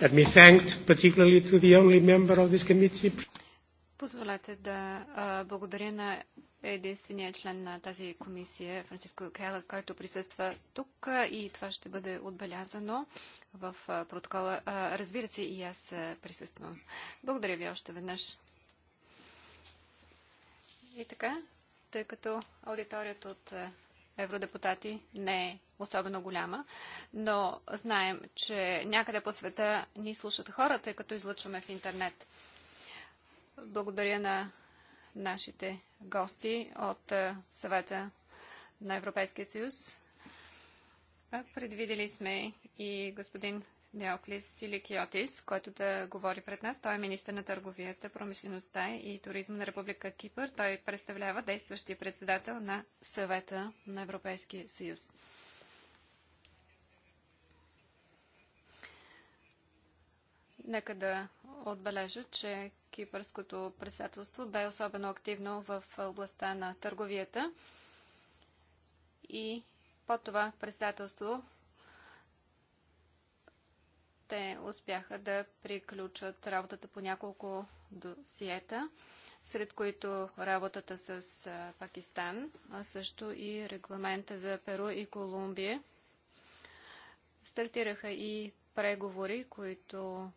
Let me thank particularly to the only member of this committee. Позволете да а, благодаря на единствения член на тази комисия, Франциско Кела, който присъства тук и това ще бъде отбелязано в а, протокола. А, разбира се, и аз а, присъствам. Благодаря ви още веднъж. И така, тъй като аудиторият от евродепутати не е особено голяма, но знаем, че някъде по света ни слушат хората, като излъчваме в интернет. Благодаря на нашите гости от съвета на Европейския съюз. Предвидели сме и господин Неоклис Силикиотис, който да говори пред нас. Той е министър на търговията, промишлеността и туризма на Република Кипър. Той представлява действащия председател на съвета на Европейския съюз. Нека да отбележа, че кипърското председателство бе особено активно в областта на търговията и под това председателство те успяха да приключат работата по няколко досиета, сред които работата с Пакистан, а също и регламента за Перу и Колумбия. Стартираха и преговори, които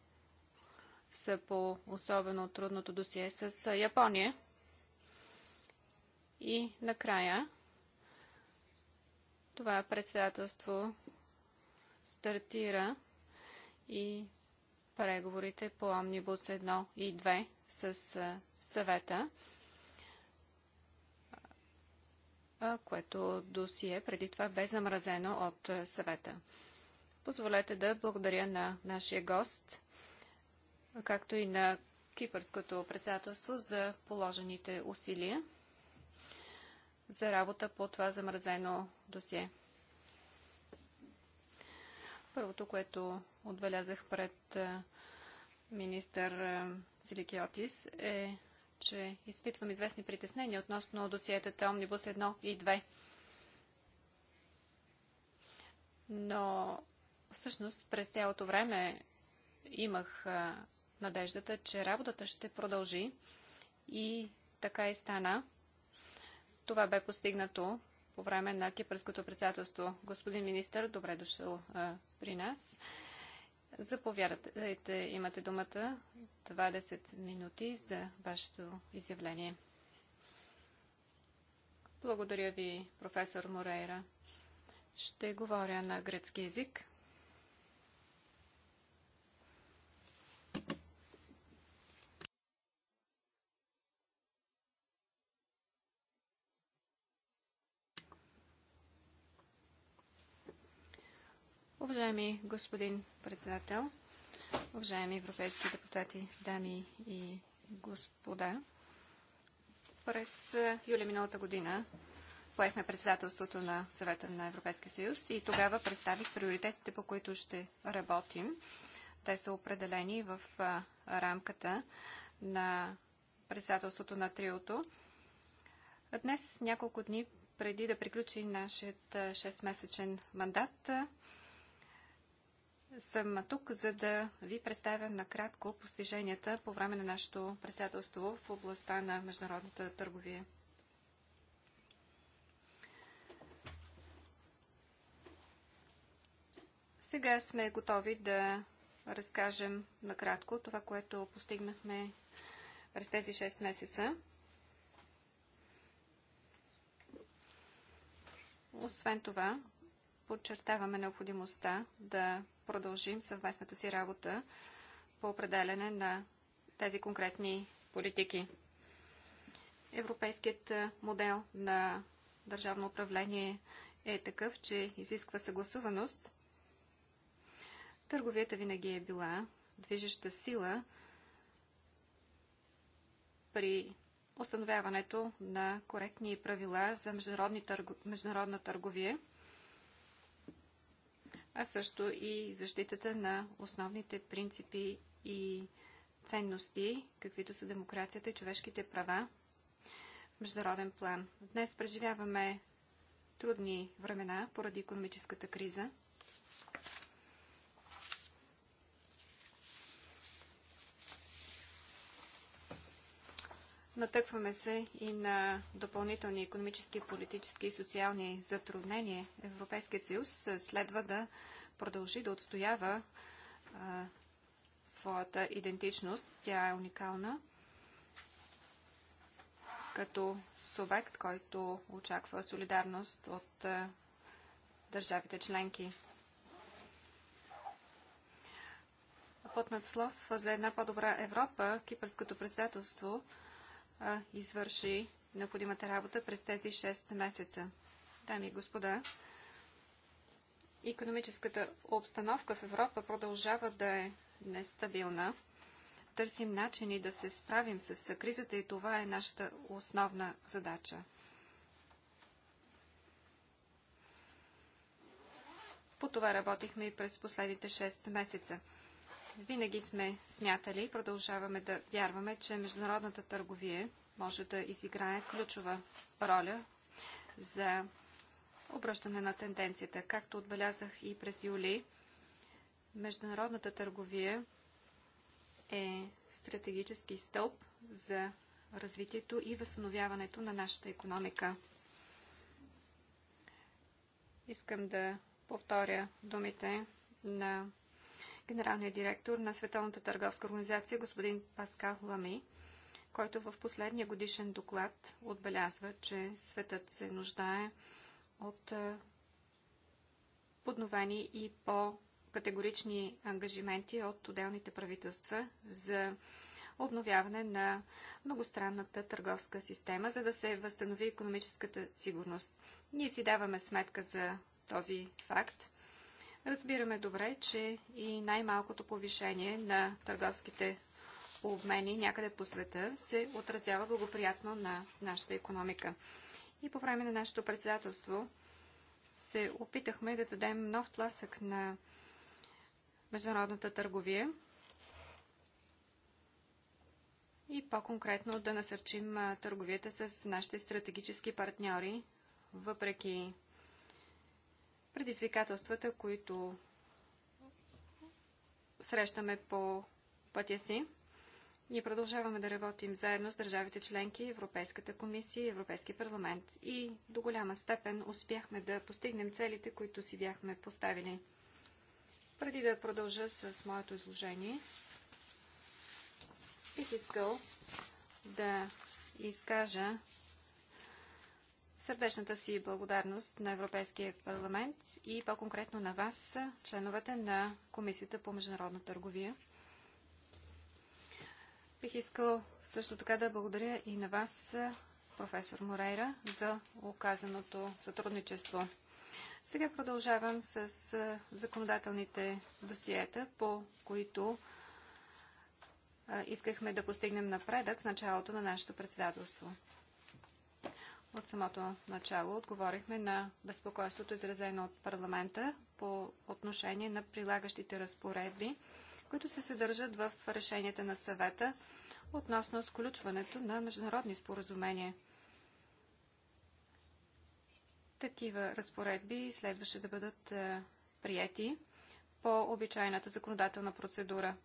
са по особено трудното досие с Япония. И накрая това председателство стартира и преговорите по Омнибус 1 и 2 с съвета, което досие преди това бе замразено от съвета. Позволете да благодаря на нашия гост, както и на Кипърското председателство за положените усилия за работа по това замразено досие. Първото, което отбелязах пред министър Силикиотис е, че изпитвам известни притеснения относно досиетата Омнибус 1 и 2. Но всъщност през цялото време имах надеждата, че работата ще продължи и така и стана. Това бе постигнато по време на кипърското председателство. Господин министър, добре дошъл а, при нас. Заповядайте, имате думата 20 минути за вашето изявление. Благодаря ви, професор Морейра. Ще говоря на гръцки язик. Уважаеми господин председател, уважаеми европейски депутати, дами и господа, през е, юли миналата година поехме председателството на съвета на Европейския съюз и тогава представих приоритетите, по които ще работим. Те са определени в е, рамката на председателството на триото. Днес, няколко дни преди да приключи нашият 6-месечен е, мандат, съм тук, за да ви представя накратко постиженията по време на нашето председателство в областта на международната търговия. Сега сме готови да разкажем накратко това, което постигнахме през тези 6 месеца. Освен това, подчертаваме необходимостта да продължим съвместната си работа по определене на тези конкретни политики. Европейският модел на държавно управление е такъв, че изисква съгласуваност. Търговията винаги е била движеща сила при установяването на коректни правила за международна търговия а също и защитата на основните принципи и ценности, каквито са демокрацията и човешките права в международен план. Днес преживяваме трудни времена поради економическата криза. Натъкваме се и на допълнителни економически, политически и социални затруднения. Европейският съюз следва да продължи да отстоява а, своята идентичност. Тя е уникална като субект, който очаква солидарност от а, държавите членки. Под надслов за една по-добра Европа, кипърското председателство – извърши необходимата работа през тези 6 месеца. Дами и господа, економическата обстановка в Европа продължава да е нестабилна. Търсим начини да се справим с кризата и това е нашата основна задача. По това работихме и през последните 6 месеца. Винаги сме смятали и продължаваме да вярваме, че международната търговия може да изиграе ключова роля за обръщане на тенденцията. Както отбелязах и през юли, международната търговия е стратегически стълб за развитието и възстановяването на нашата економика. Искам да повторя думите на генералния директор на Световната търговска организация господин Паскал Лами, който в последния годишен доклад отбелязва, че светът се нуждае от подновени и по-категорични ангажименти от отделните правителства за обновяване на многостранната търговска система, за да се възстанови економическата сигурност. Ние си даваме сметка за този факт Разбираме добре, че и най-малкото повишение на търговските обмени някъде по света се отразява благоприятно на нашата економика. И по време на нашето председателство се опитахме да дадем нов тласък на международната търговия и по-конкретно да насърчим търговията с нашите стратегически партньори, въпреки предизвикателствата, които срещаме по пътя си. Ние продължаваме да работим заедно с държавите членки, Европейската комисия и Европейски парламент. И до голяма степен успяхме да постигнем целите, които си бяхме поставили. Преди да продължа с моето изложение, бих искал да изкажа сърдечната си благодарност на Европейския парламент и по-конкретно на вас, членовете на Комисията по международна търговия. Бих искал също така да благодаря и на вас, професор Морейра, за оказаното сътрудничество. Сега продължавам с законодателните досиета, по които искахме да постигнем напредък в началото на нашето председателство. От самото начало отговорихме на безпокойството, изразено от парламента по отношение на прилагащите разпоредби, които се съдържат в решенията на съвета относно сключването на международни споразумения. Такива разпоредби следваше да бъдат е, прияти по обичайната законодателна процедура.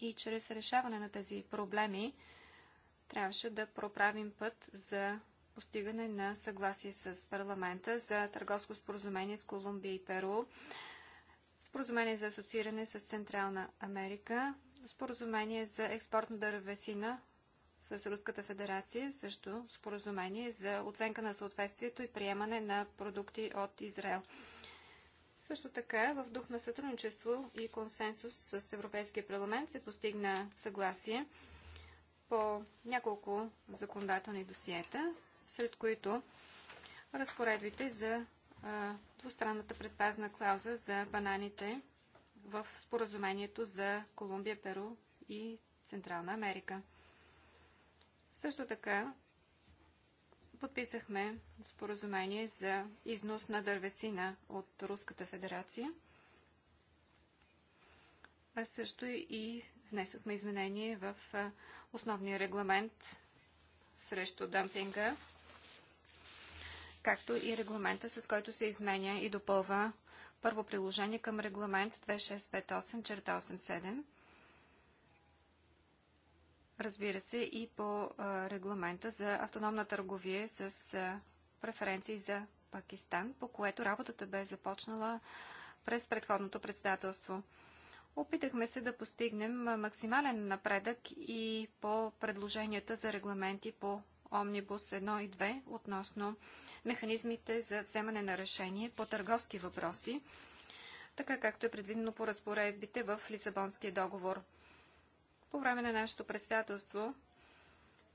И чрез решаване на тези проблеми трябваше да проправим път за постигане на съгласие с парламента за търговско споразумение с Колумбия и Перу, споразумение за асоцииране с Централна Америка, споразумение за експорт на дървесина с Руската федерация, също споразумение за оценка на съответствието и приемане на продукти от Израел. Също така, в дух на сътрудничество и консенсус с Европейския парламент се постигна съгласие по няколко законодателни досиета сред които разпоредбите за двустранната предпазна клауза за бананите в споразумението за Колумбия, Перу и Централна Америка. Също така подписахме споразумение за износ на дървесина от Руската федерация, а също и внесохме изменение в основния регламент срещу дъмпинга както и регламента, с който се изменя и допълва първо приложение към регламент 2658 черта 87. Разбира се и по регламента за автономна търговия с преференции за Пакистан, по което работата бе започнала през предходното председателство. Опитахме се да постигнем максимален напредък и по предложенията за регламенти по Омнибус 1 и 2 относно механизмите за вземане на решение по търговски въпроси, така както е предвидено по разпоредбите в Лисабонския договор. По време на нашето председателство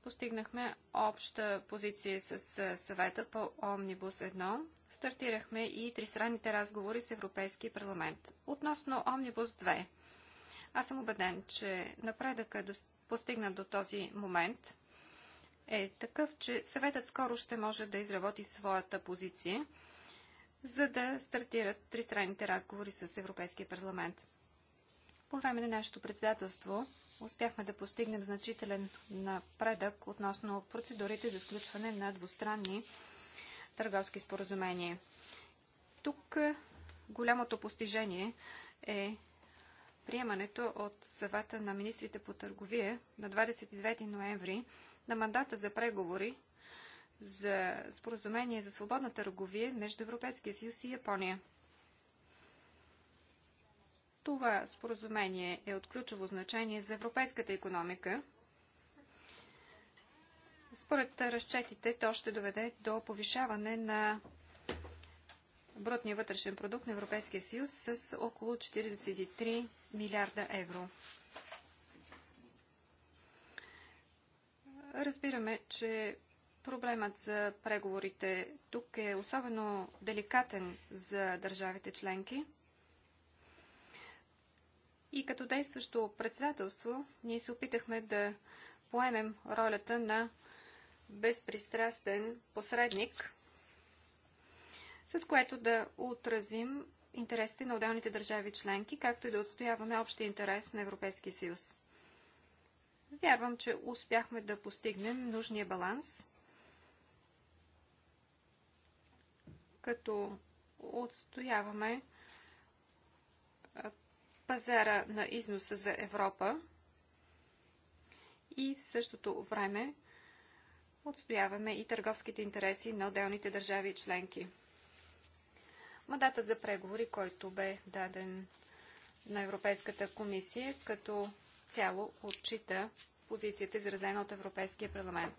постигнахме обща позиция с съвета по Омнибус 1. Стартирахме и тристранните разговори с Европейския парламент. Относно Омнибус 2, аз съм убеден, че напредъка е постигнат до този момент е такъв, че съветът скоро ще може да изработи своята позиция, за да стартират тристранните разговори с Европейския парламент. По време на нашето председателство успяхме да постигнем значителен напредък относно процедурите за сключване на двустранни търговски споразумения. Тук е, голямото постижение е приемането от съвета на министрите по търговия на 29 ноември на мандата за преговори за споразумение за свободна търговия между Европейския съюз и Япония. Това споразумение е от ключово значение за европейската економика. Според разчетите, то ще доведе до повишаване на брутния вътрешен продукт на Европейския съюз с около 43 милиарда евро. Разбираме, че проблемът за преговорите тук е особено деликатен за държавите членки. И като действащо председателство, ние се опитахме да поемем ролята на безпристрастен посредник, с което да отразим интересите на отделните държави членки, както и да отстояваме общия интерес на Европейския съюз. Вярвам, че успяхме да постигнем нужния баланс, като отстояваме пазара на износа за Европа и в същото време отстояваме и търговските интереси на отделните държави и членки. Мандата за преговори, който бе даден на Европейската комисия, като изцяло отчита позицията, изразена от Европейския парламент.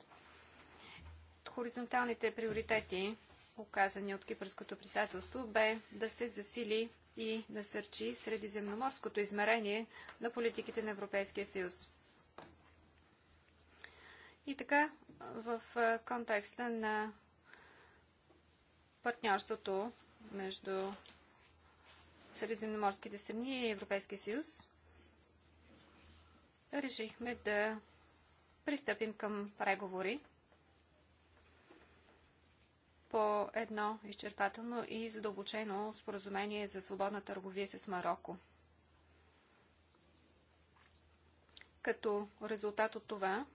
Хоризонталните приоритети, оказани от Кипърското председателство, бе да се засили и насърчи средиземноморското измерение на политиките на Европейския съюз. И така, в контекста на партньорството между Средиземноморските страни и Европейския съюз, решихме да пристъпим към преговори по едно изчерпателно и задълбочено споразумение за свободна търговия с Марокко. Като резултат от това,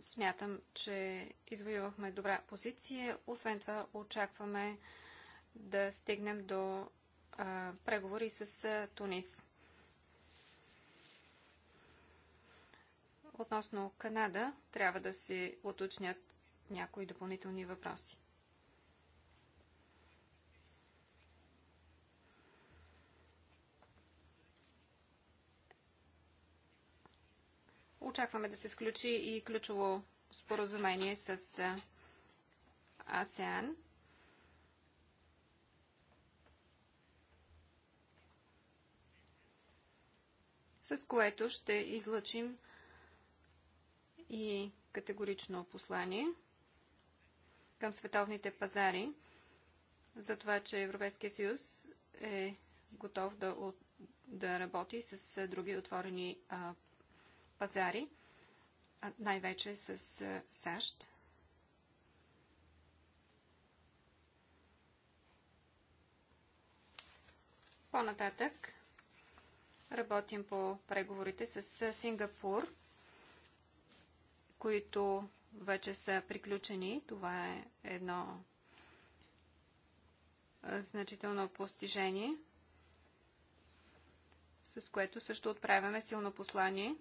смятам, че извоювахме добра позиция. Освен това, очакваме да стигнем до а, преговори с а, Тунис. Относно Канада трябва да се уточнят някои допълнителни въпроси. Очакваме да се сключи и ключово споразумение с АСЕАН. с което ще излъчим и категорично послание към световните пазари за това, че Европейския съюз е готов да, да работи с други отворени а, пазари, най-вече с а, САЩ. По-нататък работим по преговорите с Сингапур – които вече са приключени. Това е едно значително постижение, с което също отправяме силно послание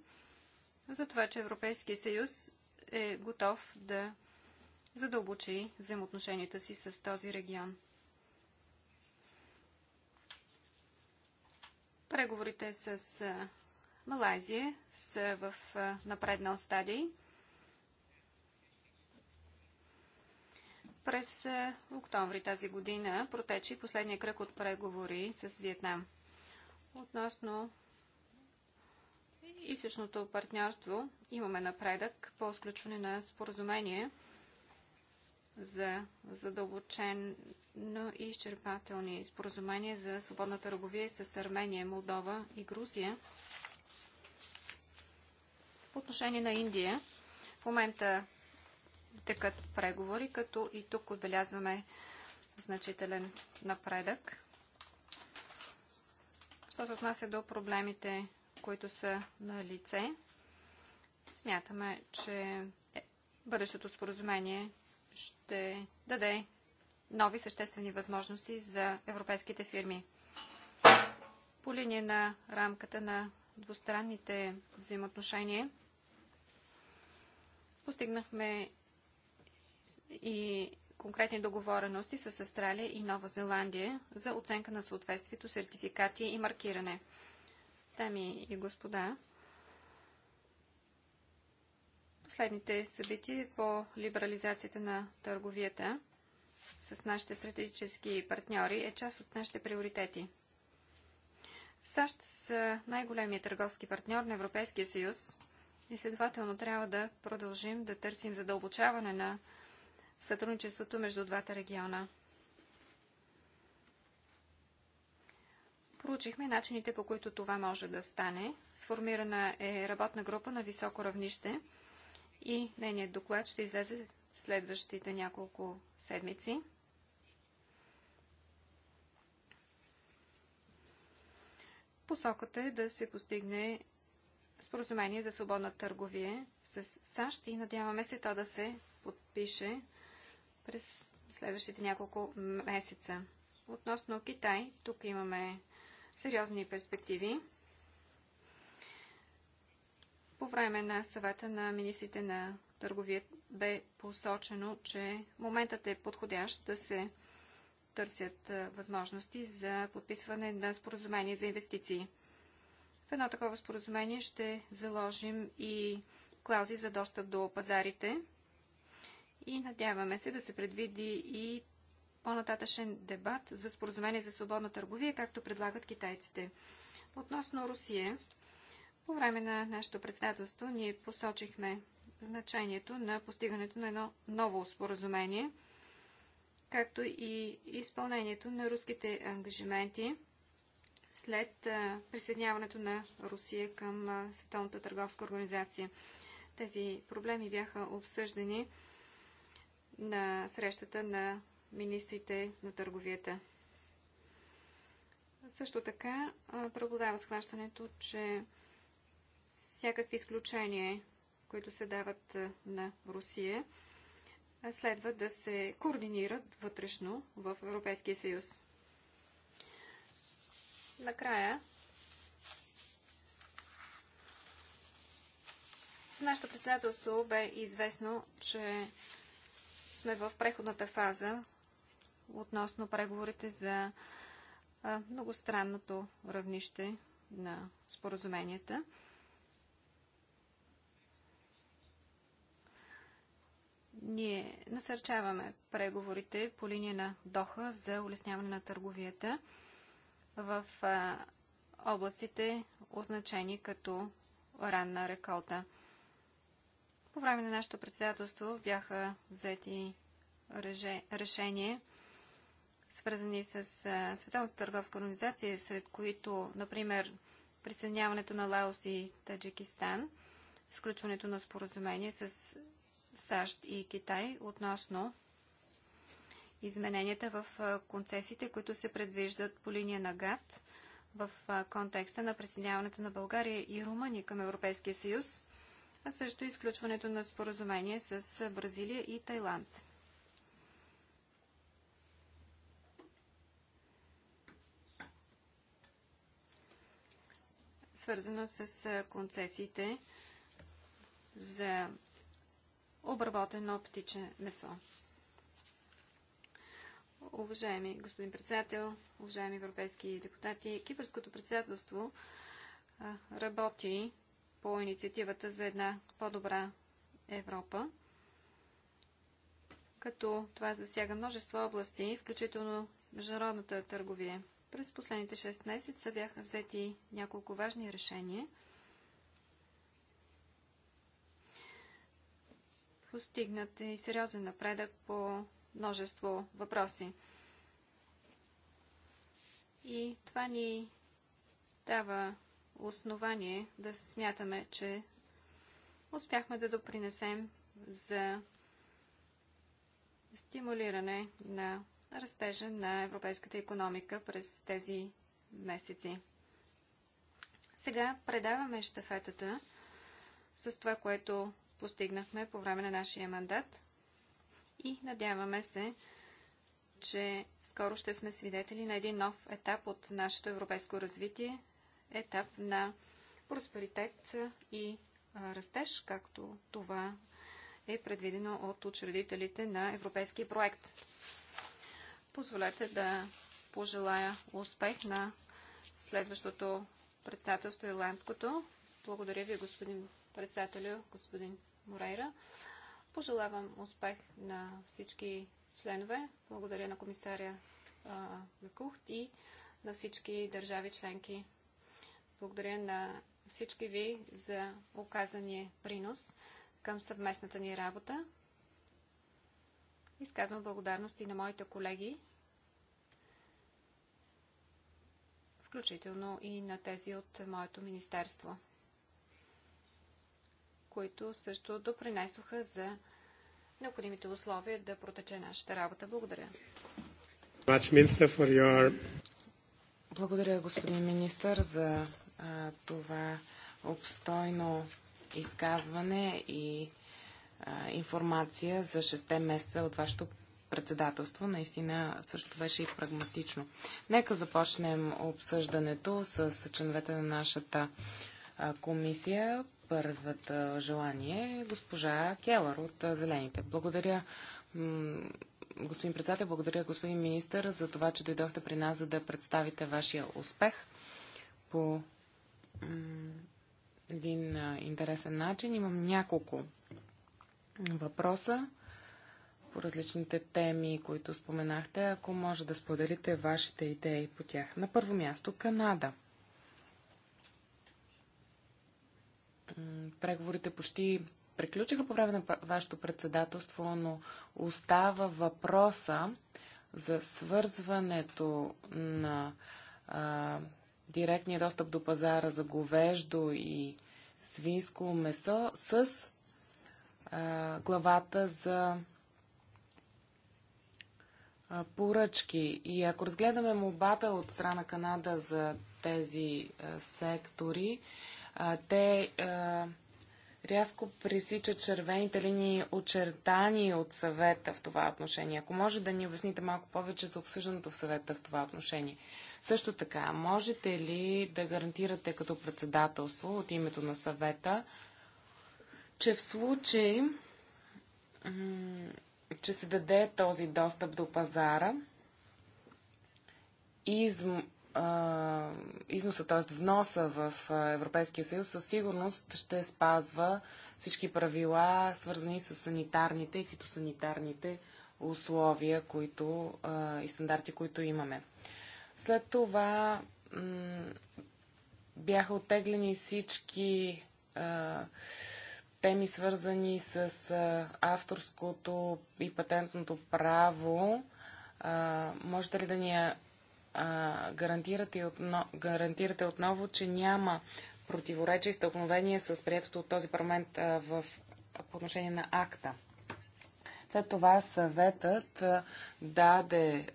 за това, че Европейския съюз е готов да задълбочи взаимоотношенията си с този регион. Преговорите с Малайзия са в напреднал стадий. През е, октомври тази година протече последния кръг от преговори с Виетнам относно източното партньорство имаме напредък по сключване на споразумение за задълбочено и изчерпателни споразумения за свободна търговия с Армения, Молдова и Грузия. По отношение на Индия, в момента текат преговори, като и тук отбелязваме значителен напредък. Що се отнася до проблемите, които са на лице, смятаме, че е, бъдещото споразумение ще даде нови съществени възможности за европейските фирми. По линия на рамката на двустранните взаимоотношения постигнахме и конкретни договорености с Австралия и Нова Зеландия за оценка на съответствието, сертификати и маркиране. Дами и господа, последните събития по либерализацията на търговията с нашите стратегически партньори е част от нашите приоритети. САЩ са най-големият търговски партньор на Европейския съюз и следователно трябва да продължим да търсим задълбочаване на сътрудничеството между двата региона. Проучихме начините по които това може да стане. Сформирана е работна група на високо равнище и нейният доклад ще излезе следващите няколко седмици. Посоката е да се постигне споразумение за свободна търговия с САЩ и надяваме се то да се подпише през следващите няколко месеца. Относно Китай, тук имаме сериозни перспективи. По време на съвета на министрите на търговия бе посочено, че моментът е подходящ да се търсят възможности за подписване на споразумение за инвестиции. В едно такова споразумение ще заложим и клаузи за достъп до пазарите, и надяваме се да се предвиди и по-нататъчен дебат за споразумение за свободна търговия, както предлагат китайците. Относно Русия, по време на нашето председателство ние посочихме значението на постигането на едно ново споразумение, както и изпълнението на руските ангажименти след присъединяването на Русия към Световната търговска организация. Тези проблеми бяха обсъждани на срещата на министрите на търговията. Също така преобладава схващането, че всякакви изключения, които се дават на Русия, следва да се координират вътрешно в Европейския съюз. Накрая, с нашето председателство бе известно, че сме в преходната фаза относно преговорите за многостранното равнище на споразуменията. Ние насърчаваме преговорите по линия на Доха за улесняване на търговията в областите, означени като ранна реколта. По време на нашето председателство бяха взети решения, свързани с Световната търговска организация, сред които, например, присъединяването на Лаос и Таджикистан, сключването на споразумение с САЩ и Китай относно измененията в концесиите, които се предвиждат по линия на ГАТ в контекста на присъединяването на България и Румъния към Европейския съюз а също и сключването на споразумение с Бразилия и Тайланд. Свързано с концесиите за обработено птиче месо. Уважаеми господин председател, уважаеми европейски депутати, Кипърското председателство работи по инициативата за една по-добра Европа, като това засяга множество области, включително международната търговия. През последните 6 месеца бяха взети няколко важни решения. Постигнат и сериозен напредък по множество въпроси. И това ни дава основание да смятаме, че успяхме да допринесем за стимулиране на растежа на европейската економика през тези месеци. Сега предаваме щафетата с това, което постигнахме по време на нашия мандат и надяваме се, че скоро ще сме свидетели на един нов етап от нашето европейско развитие, етап на просперитет и растеж, както това е предвидено от учредителите на европейския проект. Позволете да пожелая успех на следващото председателство ирландското. Благодаря ви, господин председателю, господин Морейра. Пожелавам успех на всички членове. Благодаря на комисаря Декухт и на всички държави членки. Благодаря на всички ви за оказания принос към съвместната ни работа. Изказвам благодарност и на моите колеги, включително и на тези от моето министерство, които също допринесоха за необходимите условия да протече нашата работа. Благодаря. Благодаря, господин министър, за а, това обстойно изказване и а, информация за 6 месеца от вашето председателство. Наистина също беше и прагматично. Нека започнем обсъждането с членовете на нашата а, комисия. Първата желание е госпожа Келър от Зелените. Благодаря, господин председател, благодаря, господин министър, за това, че дойдохте при нас, за да представите вашия успех по един интересен начин. Имам няколко въпроса по различните теми, които споменахте, ако може да споделите вашите идеи по тях. На първо място Канада. Преговорите почти приключиха по време на вашето председателство, но остава въпроса за свързването на директния достъп до пазара за говеждо и свинско месо с а, главата за а, поръчки. И ако разгледаме мобата от страна Канада за тези а, сектори, а, те а, рязко пресича червените линии очертани от съвета в това отношение. Ако може да ни обясните малко повече за обсъждането в съвета в това отношение. Също така, можете ли да гарантирате като председателство от името на съвета, че в случай, че се даде този достъп до пазара, износа, т.е. вноса в Европейския съюз, със сигурност ще спазва всички правила, свързани с санитарните и фитосанитарните условия които, и стандарти, които имаме. След това бяха оттеглени всички теми, свързани с авторското и патентното право. можете ли да ни гарантирате, отно, гарантирате отново, че няма противоречие и стълкновение с приятото от този парламент в, по отношение на акта. След това съветът даде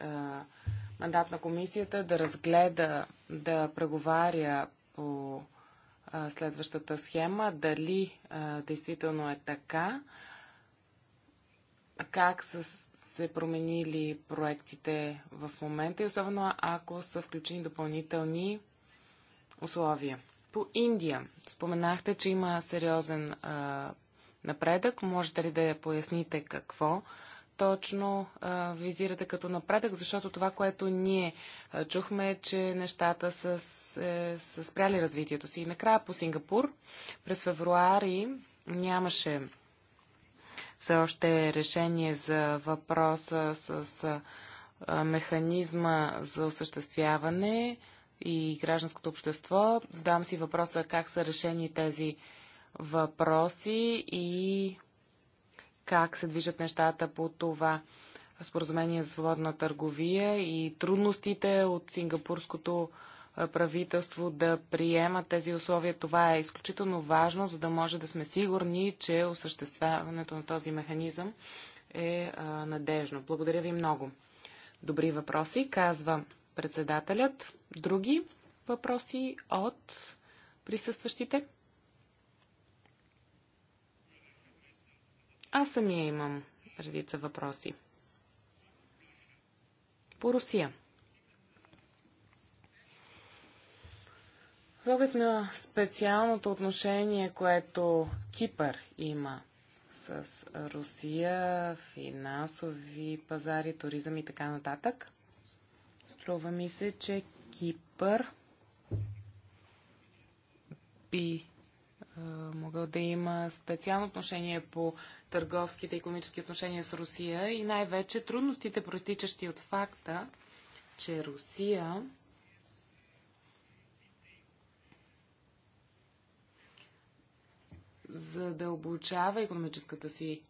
мандат на комисията да разгледа, да преговаря по следващата схема, дали действително е така, как с се променили проектите в момента и особено ако са включени допълнителни условия. По Индия споменахте, че има сериозен а, напредък. Можете ли да я поясните какво точно а, визирате като напредък? Защото това, което ние а, чухме, е, че нещата са, е, са спряли развитието си. И накрая по Сингапур през февруари нямаше все още е решение за въпроса с механизма за осъществяване и гражданското общество. Задавам си въпроса как са решени тези въпроси и как се движат нещата по това споразумение за свободна търговия и трудностите от сингапурското правителство да приема тези условия. Това е изключително важно, за да може да сме сигурни, че осъществяването на този механизъм е надежно. Благодаря ви много. Добри въпроси, казва председателят. Други въпроси от присъстващите? Аз самия имам редица въпроси. По Русия. С оглед на специалното отношение, което Кипър има с Русия, финансови пазари, туризъм и така нататък, струва ми се, че Кипър би е, могъл да има специално отношение по търговските и економически отношения с Русия и най-вече трудностите, проистичащи от факта, че Русия задълбочава економическата си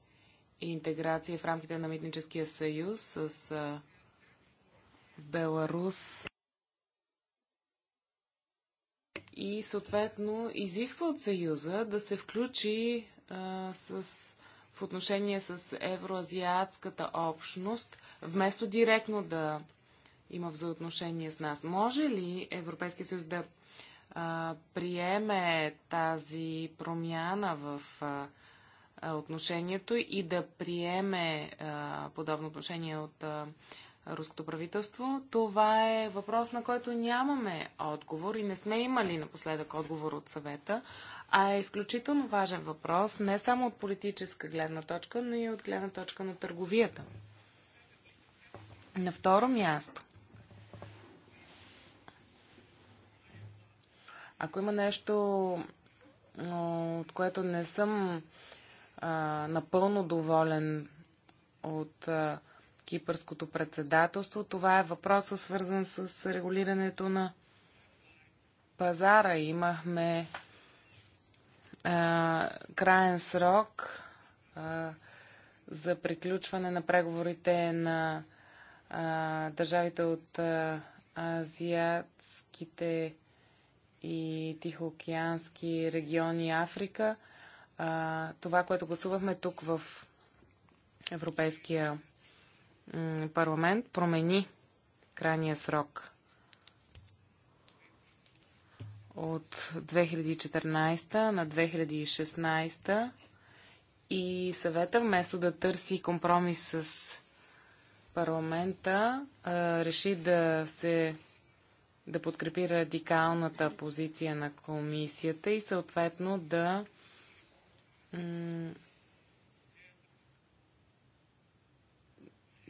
интеграция в рамките на Митническия съюз с Беларус и съответно изисква от Съюза да се включи а, с, в отношение с евроазиатската общност, вместо директно да има взаимоотношения с нас. Може ли Европейския съюз да приеме тази промяна в отношението и да приеме подобно отношение от руското правителство, това е въпрос, на който нямаме отговор и не сме имали напоследък отговор от съвета, а е изключително важен въпрос не само от политическа гледна точка, но и от гледна точка на търговията. На второ място, Ако има нещо, от което не съм а, напълно доволен от а, кипърското председателство, това е въпросът свързан с регулирането на пазара. Имахме а, краен срок а, за приключване на преговорите на а, държавите от а, азиатските и Тихоокеански региони Африка. А, това, което гласувахме тук в Европейския парламент, промени крайния срок от 2014 на 2016 и съвета вместо да търси компромис с парламента, реши да се да подкрепи радикалната позиция на комисията и съответно да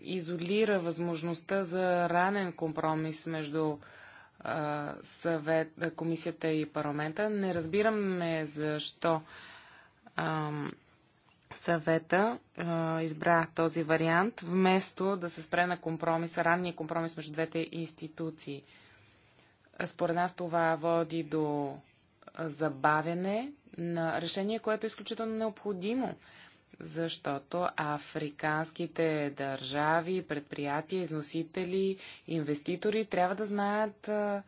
изолира възможността за ранен компромис между съвет, комисията и парламента. Не разбираме защо съвета избра този вариант, вместо да се спре на компромис, ранния компромис между двете институции. Според нас това води до забавяне на решение, което е изключително необходимо, защото африканските държави, предприятия, износители, инвеститори трябва да знаят а,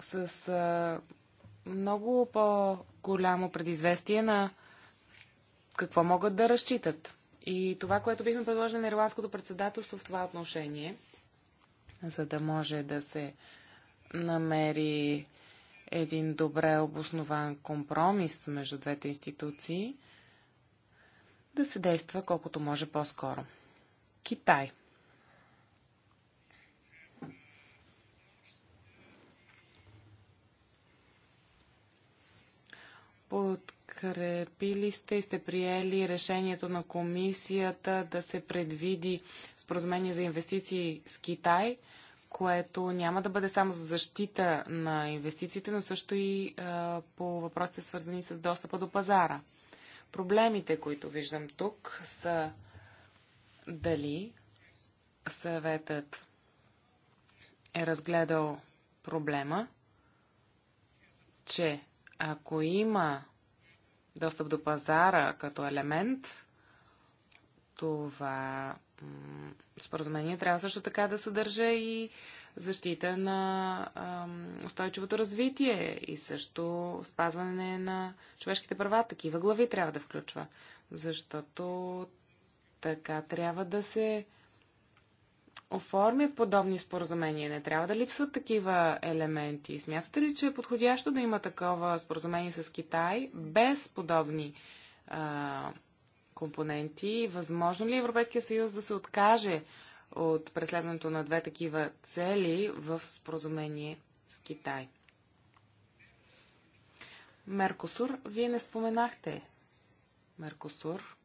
с а, много по-голямо предизвестие на какво могат да разчитат. И това, което бихме предложили на ирландското председателство в това отношение, за да може да се намери един добре обоснован компромис между двете институции, да се действа колкото може по-скоро. Китай. подкрепили сте и сте приели решението на комисията да се предвиди споразумение за инвестиции с Китай което няма да бъде само за защита на инвестициите, но също и а, по въпросите свързани с достъпа до пазара. Проблемите, които виждам тук, са дали съветът е разгледал проблема, че ако има достъп до пазара като елемент, това споразумение трябва също така да съдържа и защита на устойчивото развитие и също спазване на човешките права. Такива глави трябва да включва, защото така трябва да се оформят подобни споразумения. Не трябва да липсват такива елементи. Смятате ли, че е подходящо да има такова споразумение с Китай без подобни а, компоненти. Възможно ли Европейския съюз да се откаже от преследването на две такива цели в споразумение с Китай? Меркосур, вие не споменахте. Меркосур.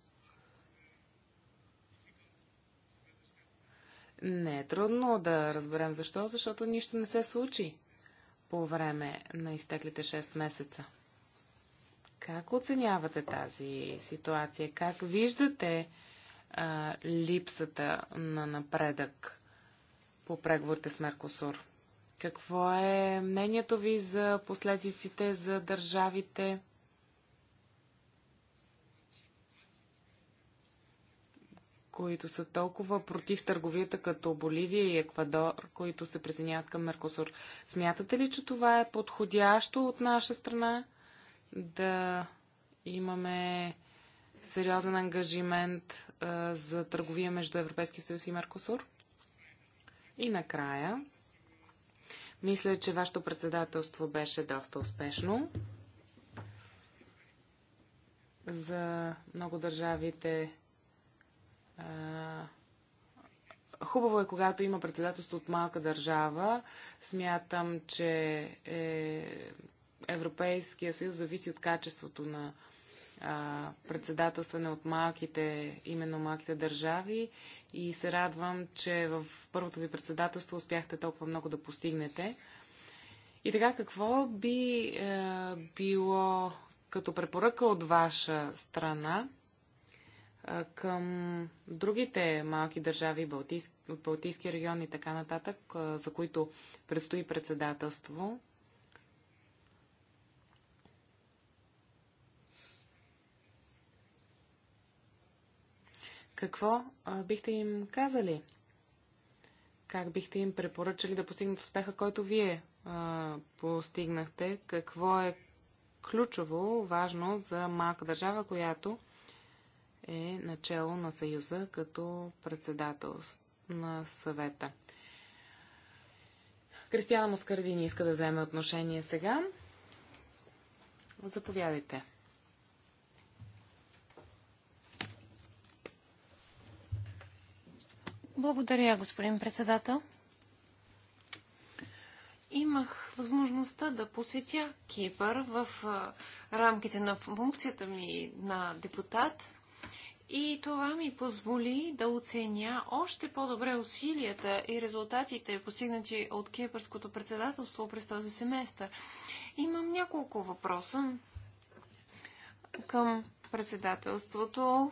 Не е трудно да разберем защо, защото нищо не се случи по време на изтеклите 6 месеца. Как оценявате тази ситуация? Как виждате а, липсата на напредък по преговорите с Меркосур? Какво е мнението ви за последиците за държавите? които са толкова против търговията като Боливия и Еквадор, които се присъединяват към Меркосур. Смятате ли, че това е подходящо от наша страна? да имаме сериозен ангажимент а, за търговия между Европейския съюз и Меркосур. И накрая, мисля, че вашето председателство беше доста успешно. За много държавите а, хубаво е, когато има председателство от малка държава. Смятам, че е Европейския съюз зависи от качеството на а, председателстване от малките, именно малките държави и се радвам, че в първото ви председателство успяхте толкова много да постигнете. И така, какво би е, било като препоръка от ваша страна е, към другите малки държави Балтийски, от Балтийски регион и така нататък, е, за които предстои председателство? Какво а, бихте им казали? Как бихте им препоръчали да постигнат успеха, който вие а, постигнахте? Какво е ключово, важно за малка държава, която е начало на Съюза като председател на съвета? Кристиана Москардини иска да вземе отношение сега. Заповядайте. Благодаря, господин председател. Имах възможността да посетя Кипър в рамките на функцията ми на депутат и това ми позволи да оценя още по-добре усилията и резултатите, постигнати от кипърското председателство през този семестър. Имам няколко въпроса към председателството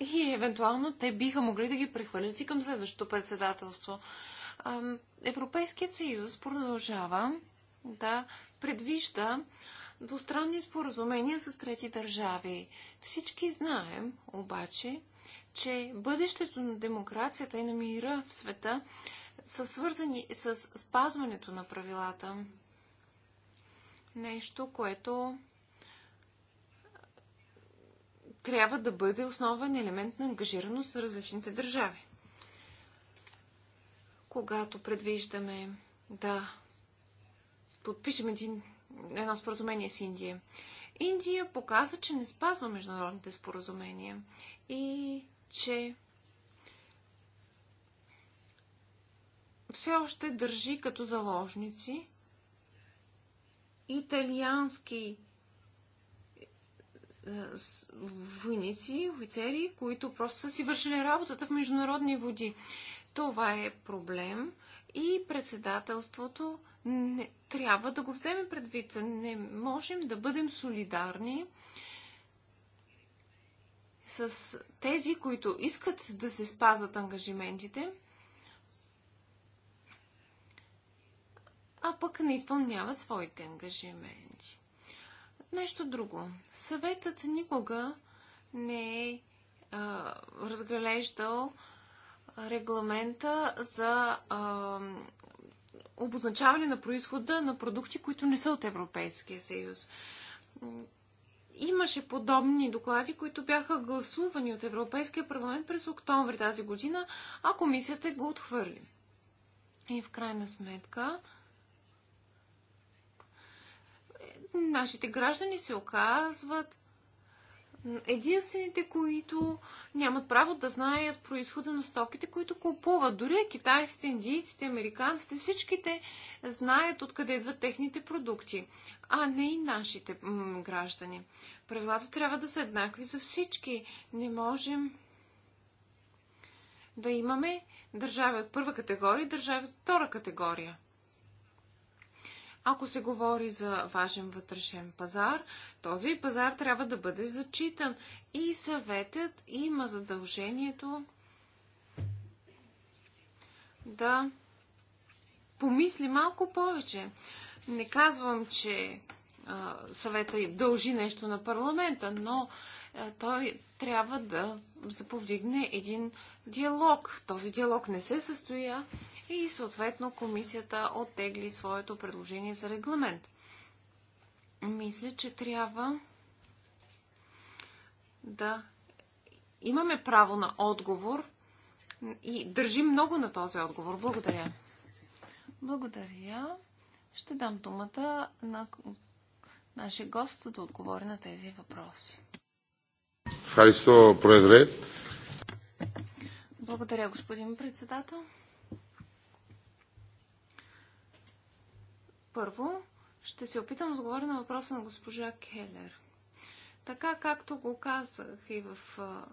и евентуално те биха могли да ги прехвърлят и към следващото председателство. Европейският съюз продължава да предвижда двустранни споразумения с трети държави. Всички знаем, обаче, че бъдещето на демокрацията и на мира в света са свързани с спазването на правилата. Нещо, което трябва да бъде основен елемент на ангажираност с различните държави. Когато предвиждаме да подпишем един, едно споразумение с Индия, Индия показа, че не спазва международните споразумения и че все още държи като заложници италиански е, войници, офицери, които просто са си вършили работата в международни води. Това е проблем и председателството не, трябва да го вземе предвид. Не можем да бъдем солидарни с тези, които искат да се спазват ангажиментите, а пък не изпълняват своите ангажименти. Нещо друго. Съветът никога не е а, разглеждал регламента за а, обозначаване на происхода на продукти, които не са от Европейския съюз. Имаше подобни доклади, които бяха гласувани от Европейския парламент през октомври тази година, а комисията е го отхвърли. И в крайна сметка, нашите граждани се оказват единствените, които нямат право да знаят происхода на стоките, които купуват. Дори китайците, индийците, американците, всичките знаят откъде идват техните продукти, а не и нашите граждани. Правилата трябва да са еднакви за всички. Не можем да имаме държави от първа категория и държави от втора категория. Ако се говори за важен вътрешен пазар, този пазар трябва да бъде зачитан и съветът има задължението да помисли малко повече. Не казвам, че съветът дължи нещо на парламента, но той трябва да заповдигне един диалог. Този диалог не се състоя и съответно комисията оттегли своето предложение за регламент. Мисля, че трябва да имаме право на отговор и държим много на този отговор. Благодаря. Благодаря. Ще дам думата на нашия гост да отговори на тези въпроси. Харисто, Благодаря, господин председател. Първо, ще се опитам да отговоря на въпроса на госпожа Келер. Така както го казах и в а,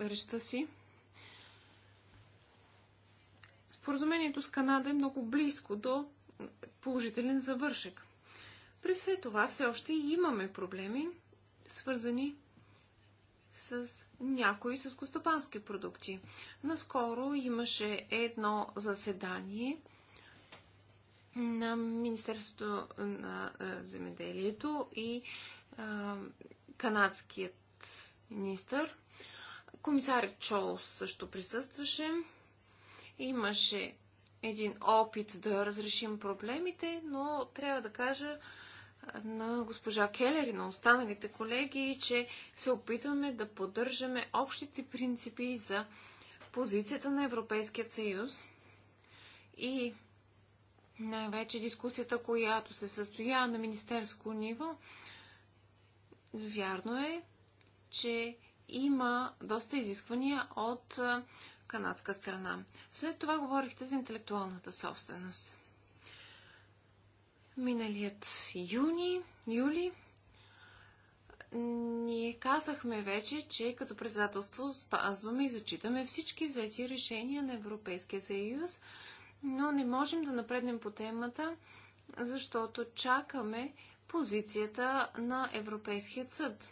речта си, споразумението с Канада е много близко до положителен завършек. При все това все още имаме проблеми, свързани с някои селскостопански продукти. Наскоро имаше едно заседание – на Министерството на е, земеделието и е, канадският министър. Комисар Чолс също присъстваше. Имаше един опит да разрешим проблемите, но трябва да кажа е, на госпожа Келер и на останалите колеги, че се опитваме да поддържаме общите принципи за позицията на Европейския съюз и най-вече дискусията, която се състоя на министерско ниво, вярно е, че има доста изисквания от канадска страна. След това говорихте за интелектуалната собственост. Миналият юни, юли, ние казахме вече, че като председателство спазваме и зачитаме всички взети решения на Европейския съюз – но не можем да напреднем по темата, защото чакаме позицията на Европейският съд.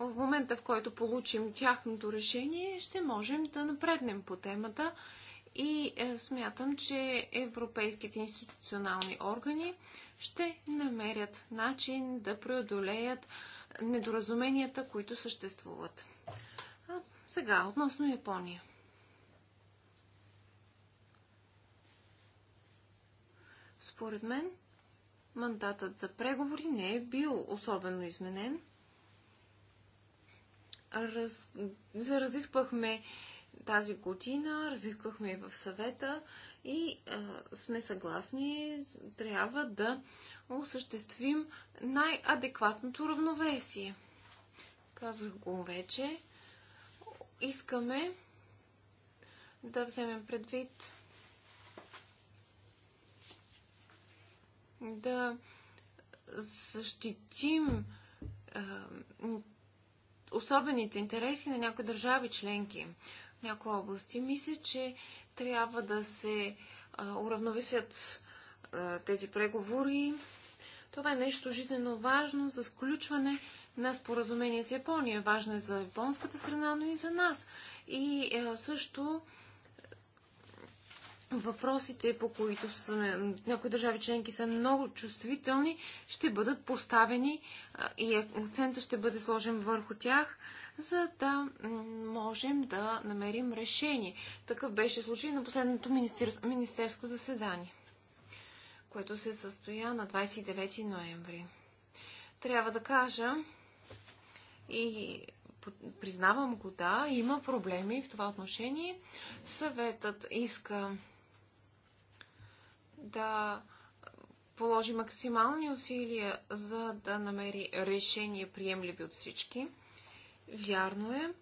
В момента, в който получим тяхното решение, ще можем да напреднем по темата и е, смятам, че европейските институционални органи ще намерят начин да преодолеят недоразуменията, които съществуват. А сега, относно Япония. Според мен, мандатът за преговори не е бил особено изменен. Раз... Разисквахме тази година, разисквахме и в съвета и а, сме съгласни, трябва да осъществим най-адекватното равновесие. Казах го вече. Искаме да вземем предвид да защитим е, особените интереси на някои държави членки, в някои области. Мисля, че трябва да се е, уравновесят е, тези преговори. Това е нещо жизненно важно за сключване на споразумение с Япония. Важно е за японската страна, но и за нас. И е, също въпросите, по които са, някои държави членки са много чувствителни, ще бъдат поставени и акцента ще бъде сложен върху тях, за да можем да намерим решение. Такъв беше случай на последното министерско заседание, което се състоя на 29 ноември. Трябва да кажа и признавам го, да, има проблеми в това отношение. Съветът иска да положи максимални усилия, за да намери решение приемливи от всички. Вярно е.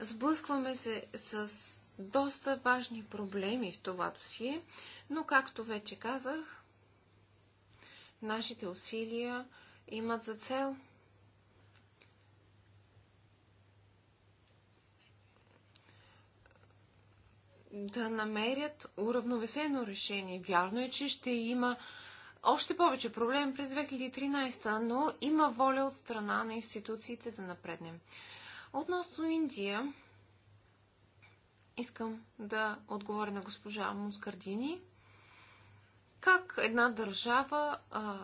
Сблъскваме се с доста важни проблеми в това досие, но както вече казах, нашите усилия имат за цел да намерят уравновесено решение. Вярно е, че ще има още повече проблем през 2013, но има воля от страна на институциите да напреднем. Относно Индия, искам да отговоря на госпожа Мускардини. Как една държава а,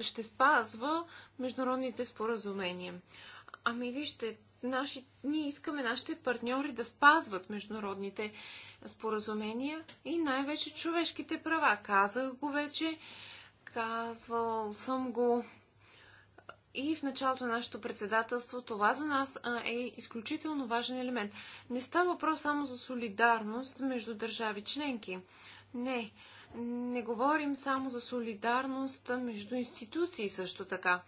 ще спазва международните споразумения? Ами вижте, наши, ние искаме нашите партньори да спазват международните споразумения и най-вече човешките права. Казах го вече, казвал съм го и в началото на нашето председателство. Това за нас е изключително важен елемент. Не става въпрос само за солидарност между държави членки. Не, не говорим само за солидарност между институции също така.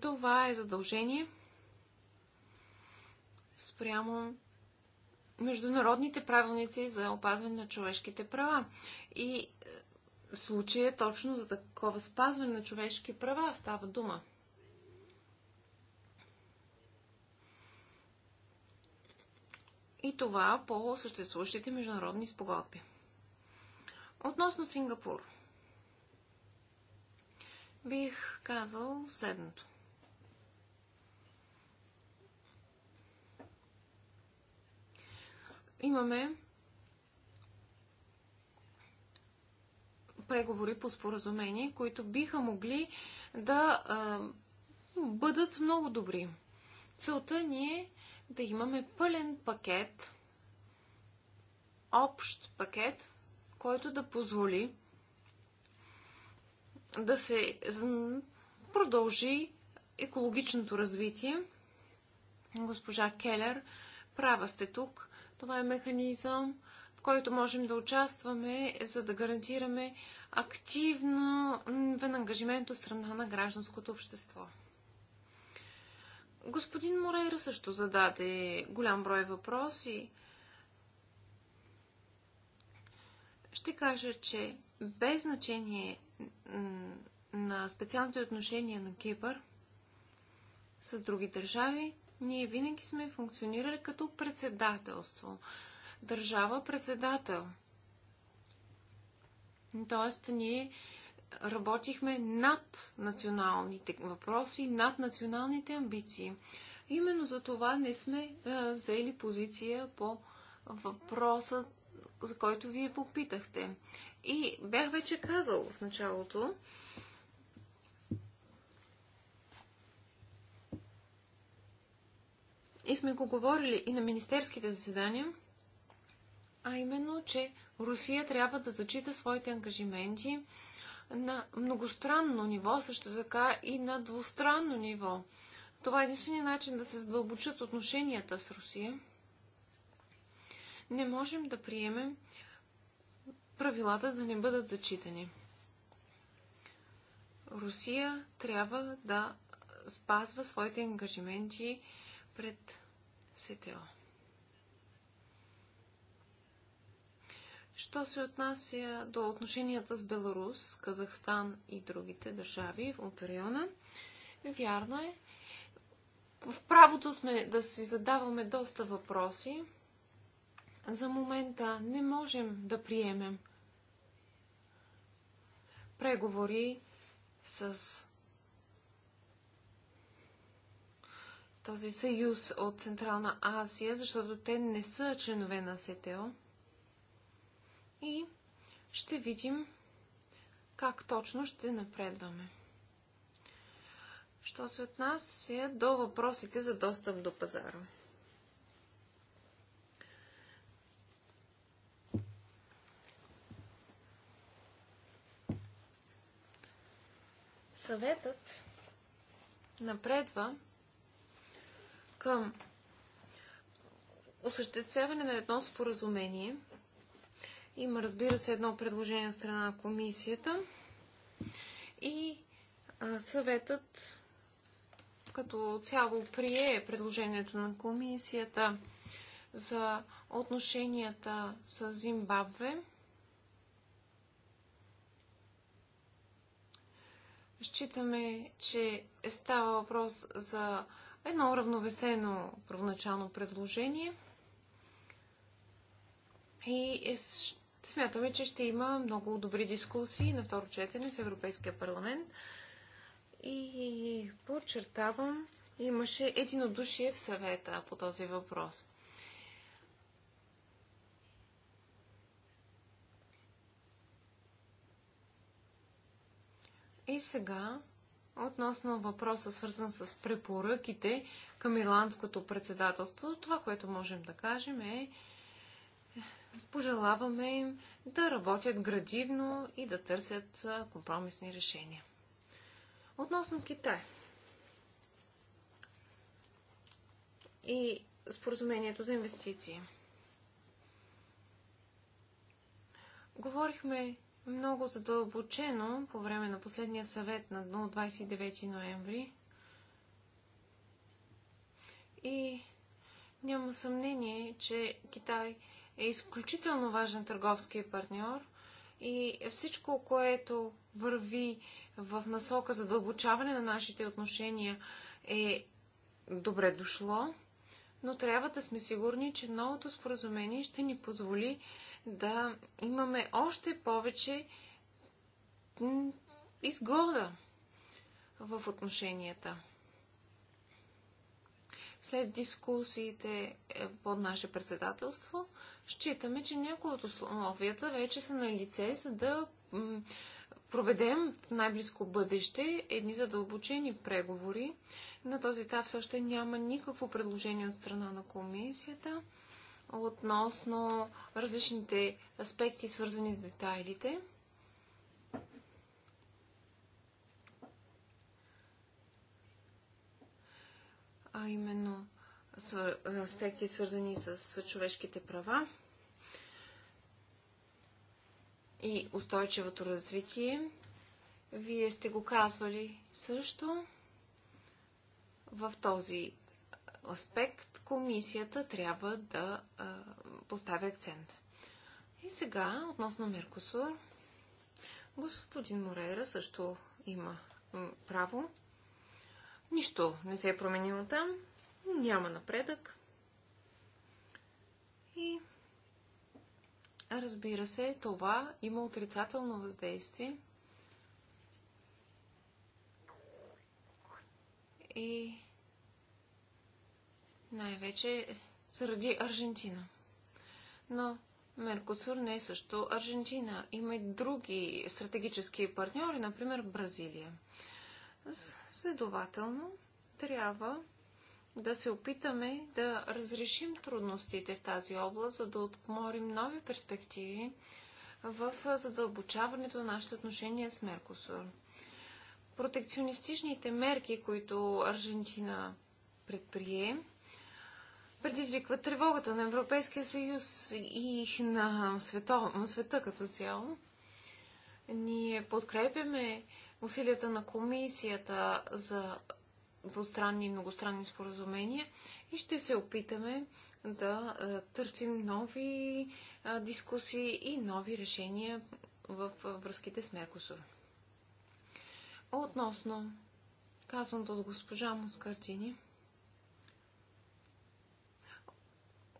Това е задължение спрямо международните правилници за опазване на човешките права. И е, случай случая е точно за такова спазване на човешки права става дума. И това по съществуващите международни спогодби. Относно Сингапур, бих казал следното. имаме преговори по споразумение, които биха могли да а, бъдат много добри. Целта ни е да имаме пълен пакет, общ пакет, който да позволи да се продължи екологичното развитие. Госпожа Келер, права сте тук. Това е механизъм, в който можем да участваме, за да гарантираме активно вен ангажимент от страна на гражданското общество. Господин Морейра също зададе голям брой въпроси. Ще кажа, че без значение на специалните отношения на Кипър с други държави, ние винаги сме функционирали като председателство. Държава председател. Тоест, ние работихме над националните въпроси, над националните амбиции. Именно за това не сме е, а, взели позиция по въпроса, за който вие попитахте. И бях вече казал в началото, и сме го говорили и на министерските заседания, а именно, че Русия трябва да зачита своите ангажименти на многостранно ниво, също така и на двустранно ниво. Това е единствения начин да се задълбочат отношенията с Русия. Не можем да приемем правилата да не бъдат зачитани. Русия трябва да спазва своите ангажименти пред СТО. Що се отнася до отношенията с Беларус, Казахстан и другите държави от района, вярно е. В правото сме да си задаваме доста въпроси. За момента не можем да приемем преговори с този съюз от Централна Азия, защото те не са членове на СТО. И ще видим как точно ще напредваме. Що се отнася до въпросите за достъп до пазара. Съветът напредва към осъществяване на едно споразумение. Има, разбира се, едно предложение на страна на комисията и а, съветът като цяло прие предложението на комисията за отношенията с Зимбабве. Считаме, че става въпрос за едно равновесено първоначално предложение и е смятаме, че ще има много добри дискусии на второ четене с Европейския парламент. И подчертавам, имаше единодушие в съвета по този въпрос. И сега относно въпроса, свързан с препоръките към ирландското председателство, това, което можем да кажем е пожелаваме им да работят градивно и да търсят компромисни решения. Относно Китай и споразумението за инвестиции. Говорихме много задълбочено по време на последния съвет на дно 29 ноември. И няма съмнение, че Китай е изключително важен търговски партньор и всичко, което върви в насока задълбочаване на нашите отношения е добре дошло, но трябва да сме сигурни, че новото споразумение ще ни позволи да имаме още повече изгода в отношенията. След дискусиите е, под наше председателство, считаме, че някои от условията вече са на лице, за да проведем в най-близко бъдеще едни задълбочени преговори. На този етап все още няма никакво предложение от страна на комисията относно различните аспекти, свързани с детайлите. А именно аспекти, свързани с човешките права и устойчивото развитие. Вие сте го казвали също в този аспект комисията трябва да а, поставя акцент. И сега, относно Меркосур, господин Морейра също има право. Нищо не се е променило там, няма напредък. И разбира се, това има отрицателно въздействие. И най-вече заради Аржентина. Но Меркосур не е също Аржентина. Има и други стратегически партньори, например Бразилия. Следователно, трябва да се опитаме да разрешим трудностите в тази област, за да отморим нови перспективи в задълбочаването на нашите отношения с Меркосур. Протекционистичните мерки, които Аржентина предприе, предизвикват тревогата на Европейския съюз и на, свето, на света като цяло. Ние подкрепяме усилията на комисията за двустранни и многостранни споразумения и ще се опитаме да е, търсим нови е, дискусии и нови решения в връзките с Меркосур. Относно казаното от госпожа Москартини –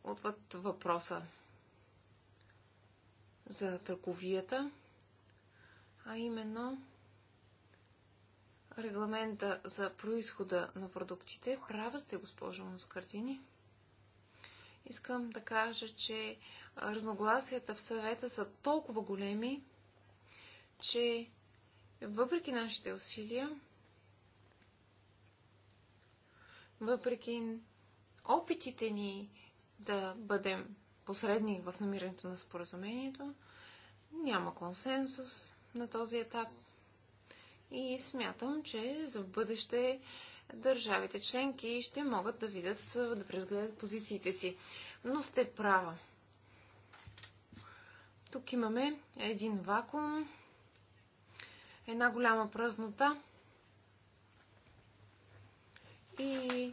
отвъд въпроса за търговията, а именно регламента за происхода на продуктите. Права сте, госпожо Москартини. Искам да кажа, че разногласията в съвета са толкова големи, че въпреки нашите усилия, въпреки опитите ни да бъдем посредник в намирането на споразумението. Няма консенсус на този етап. И смятам, че за бъдеще държавите членки ще могат да видят, да преразгледат позициите си. Но сте права. Тук имаме един вакуум, една голяма празнота и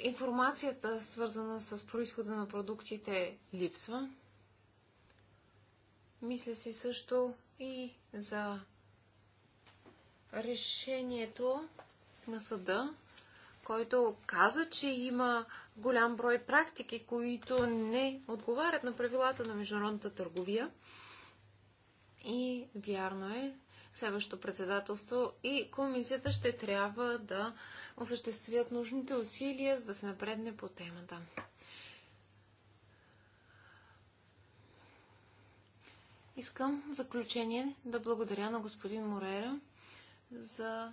информацията, свързана с происхода на продуктите, липсва. Мисля си също и за решението на съда, който каза, че има голям брой практики, които не отговарят на правилата на международната търговия. И вярно е, следващото председателство и комисията ще трябва да осъществят нужните усилия, за да се напредне по темата. Искам в заключение да благодаря на господин Морера за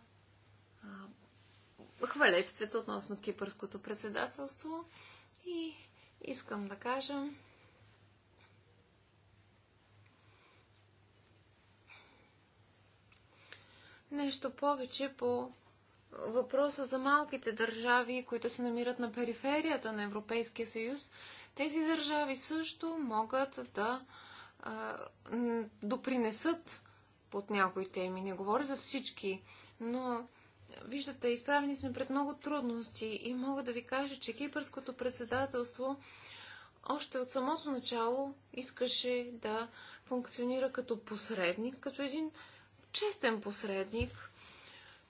хвалепствието относно кипърското председателство и искам да кажа, нещо повече по въпроса за малките държави, които се намират на периферията на Европейския съюз, тези държави също могат да а, допринесат под някои теми. Не говоря за всички, но виждате, изправени сме пред много трудности и мога да ви кажа, че кипърското председателство още от самото начало искаше да функционира като посредник, като един честен посредник,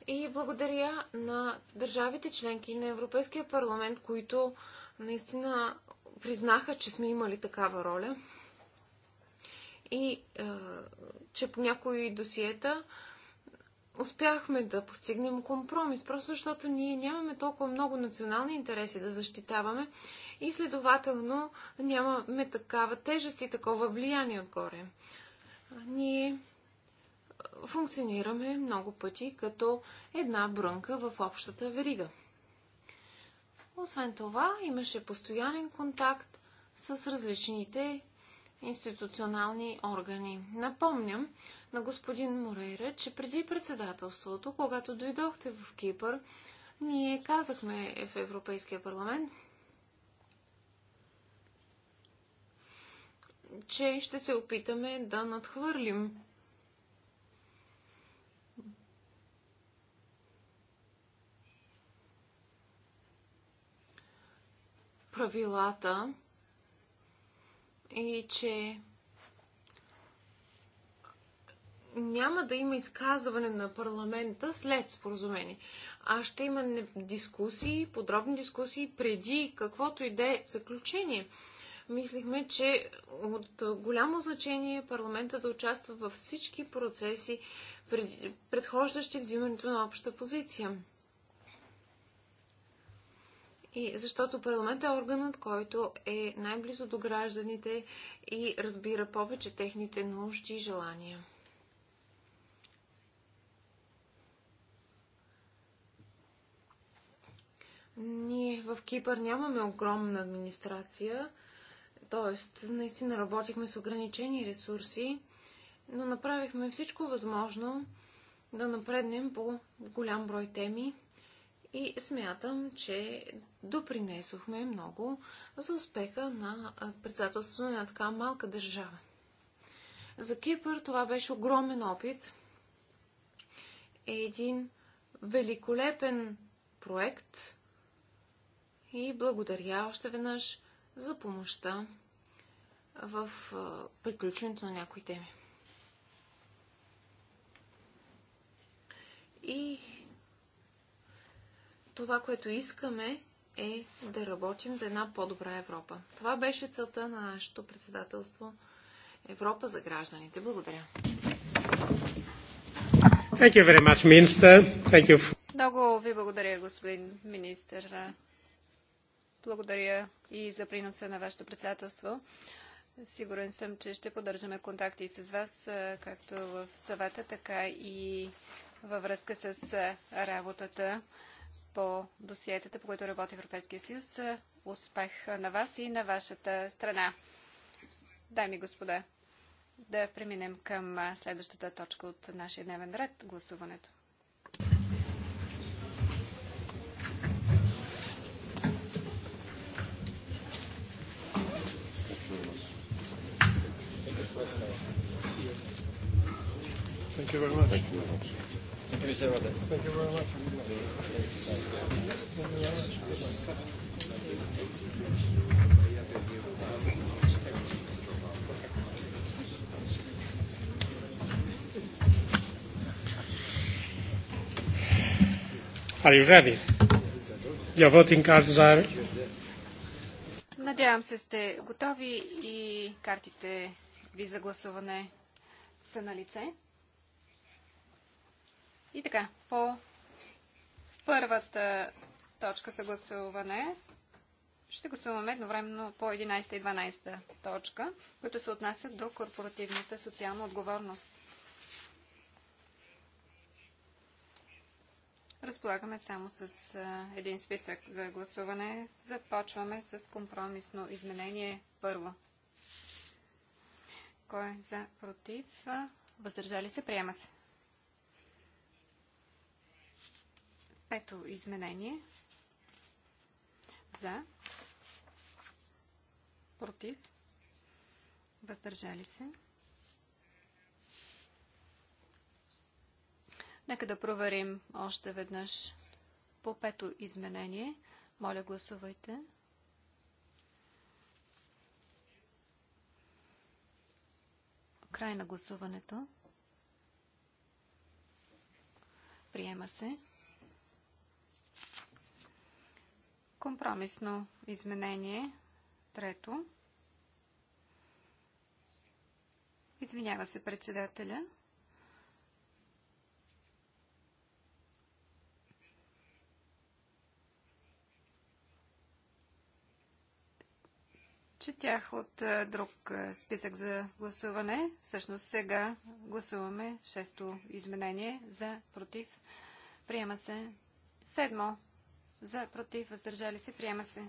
и благодаря на държавите членки на Европейския парламент, които наистина признаха, че сме имали такава роля и е, че по някои досиета успяхме да постигнем компромис, просто защото ние нямаме толкова много национални интереси да защитаваме и следователно нямаме такава тежест и такова влияние отгоре. Ние функционираме много пъти като една брънка в общата верига. Освен това, имаше постоянен контакт с различните институционални органи. Напомням на господин Морейра, че преди председателството, когато дойдохте в Кипър, ние казахме в Европейския парламент, че ще се опитаме да надхвърлим правилата и че няма да има изказване на парламента след споразумение, а ще има дискусии, подробни дискусии преди каквото и да е заключение. Мислихме, че от голямо значение парламента да участва във всички процеси, предхождащи взимането на обща позиция. И защото парламент е органът, който е най-близо до гражданите и разбира повече техните нужди и желания. Ние в Кипър нямаме огромна администрация, т.е. наистина работихме с ограничени ресурси, но направихме всичко възможно да напреднем по голям брой теми и смятам, че допринесохме много за успеха на председателството на така малка държава. За Кипър това беше огромен опит. Един великолепен проект и благодаря още веднъж за помощта в приключването на някои теми. И това, което искаме, е да работим за една по-добра Европа. Това беше целта на нашето председателство Европа за гражданите. Благодаря. Thank you very much, Minister. Thank you. Много ви благодаря, господин министр. Благодаря и за приноса на вашето председателство. Сигурен съм, че ще поддържаме контакти с вас, както в съвета, така и във връзка с работата по досиетата, по които работи Европейския съюз. Е, успех на вас и на вашата страна. Дами и господа, да преминем към е, следващата точка от нашия дневен ред – гласуването. Thank you very much. Thank you very much. Thank you, Mr. Roberts. Thank you very much. Are you ready? Your voting cards are... Надявам се сте готови и картите ви за гласуване са на лице. И така, по първата точка за гласуване ще гласуваме едновременно по 11 и 12 точка, които се отнасят до корпоративната социална отговорност. Разполагаме само с един списък за гласуване. Започваме с компромисно изменение първо. Кой е за против? Въздържали се? Приема се. Пето изменение. За. Против. Въздържали се. Нека да проверим още веднъж по пето изменение. Моля, гласувайте. Край на гласуването. Приема се. Компромисно изменение. Трето. Извинява се председателя. четях от друг списък за гласуване. Всъщност сега гласуваме шесто изменение за против. Приема се седмо за против, въздържали се, приема се.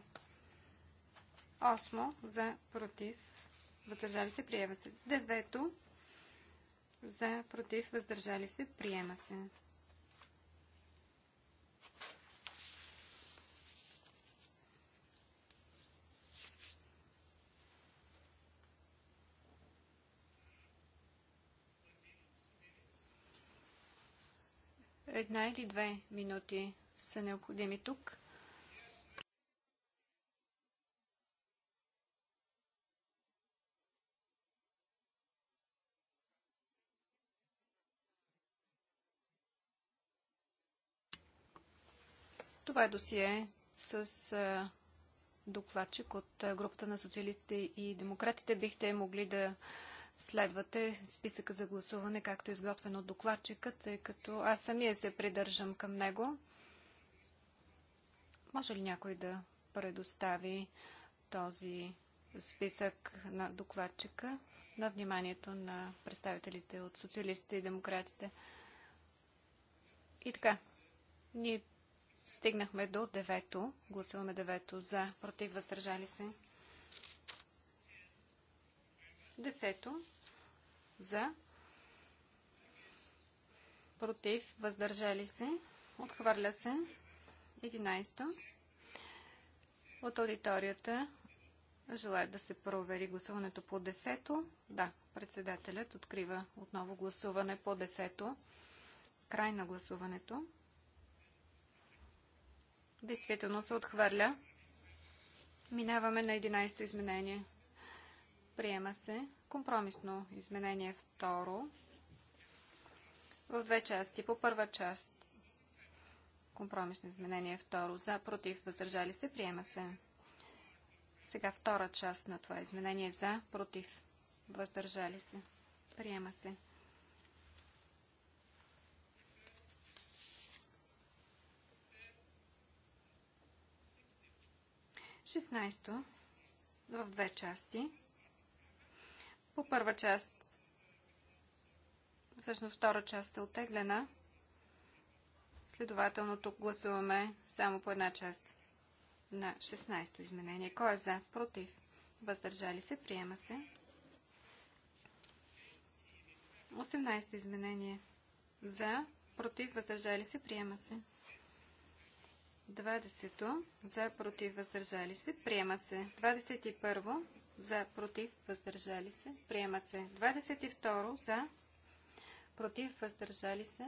Осмо за против, въздържали се, приема се. Девето за против, въздържали се, приема се. Една или две минути са необходими тук. Това е досие с докладчик от групата на социалистите и демократите. Бихте могли да следвате списъка за гласуване, както е изготвен от докладчика, тъй като аз самия се придържам към него. Може ли някой да предостави този списък на докладчика на вниманието на представителите от социалистите и демократите? И така, ние стигнахме до девето. Гласуваме девето за, против, въздържали се. Десето за, против, въздържали се, отхвърля се. 11 от аудиторията желаят да се провери гласуването по 10 Да, председателят открива отново гласуване по 10 Край на гласуването. Действително се отхвърля. Минаваме на 11-то изменение. Приема се компромисно изменение второ в две части. По първа част Компромисно изменение второ за, против, въздържали се, приема се. Сега втора част на това изменение за, против, въздържали се, приема се. Шестнайсто в две части. По първа част, всъщност втора част е отеглена. Следователно тук гласуваме само по една част на 16-то изменение. Кой е за? Против. Въздържали се? Приема се. 18-то изменение. За? Против. Въздържали се? Приема се. 20-то. За? Против. Въздържали се? Приема се. 21-во. За? Против. Въздържали се? Приема се. 22-ро. За? Против. Въздържали се?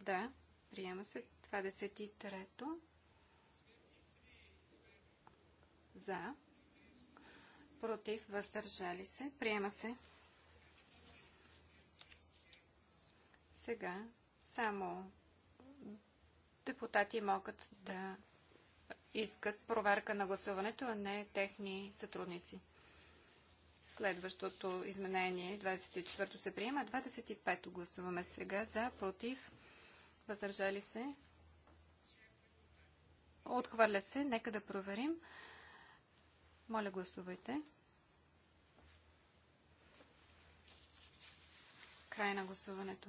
Да. Приема се 23-то. За. Против. Въздържали се. Приема се. Сега само депутати могат да искат проверка на гласуването, а не техни сътрудници. Следващото изменение, 24-то се приема, 25-то гласуваме сега за, против, Въздържали се. Отхвърля се. Нека да проверим. Моля, гласувайте. Край на гласуването.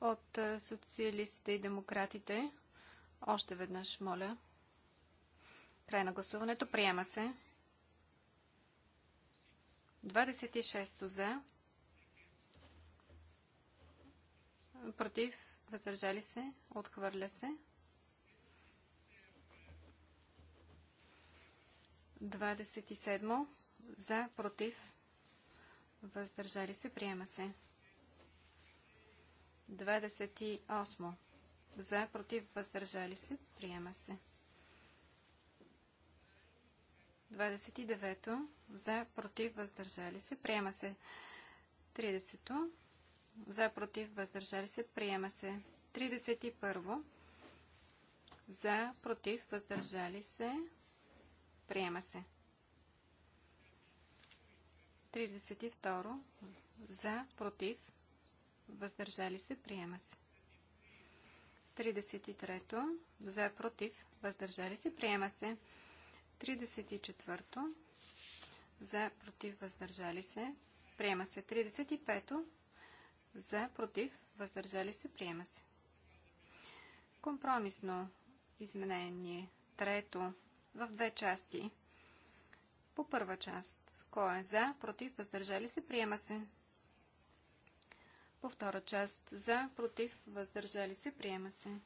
От социалистите и демократите. Още веднъж, моля. Край на гласуването. Приема се. 26 за. против, въздържали се, отхвърля се. 27 за, против, въздържали се, приема се. 28 за, против, въздържали се, приема се. 29 за, против, въздържали се, приема се. 30 за против въздържали се приема се 31 за против въздържали се приема се 32 за против въздържали се приема се 33 за против въздържали се приема се 34 за против въздържали се приема се 35 за, против, въздържали се, приема се. Компромисно изменение, трето, в две части. По първа част, кой е за, против, въздържали се, приема се. По втора част, за, против, въздържали се, приема се.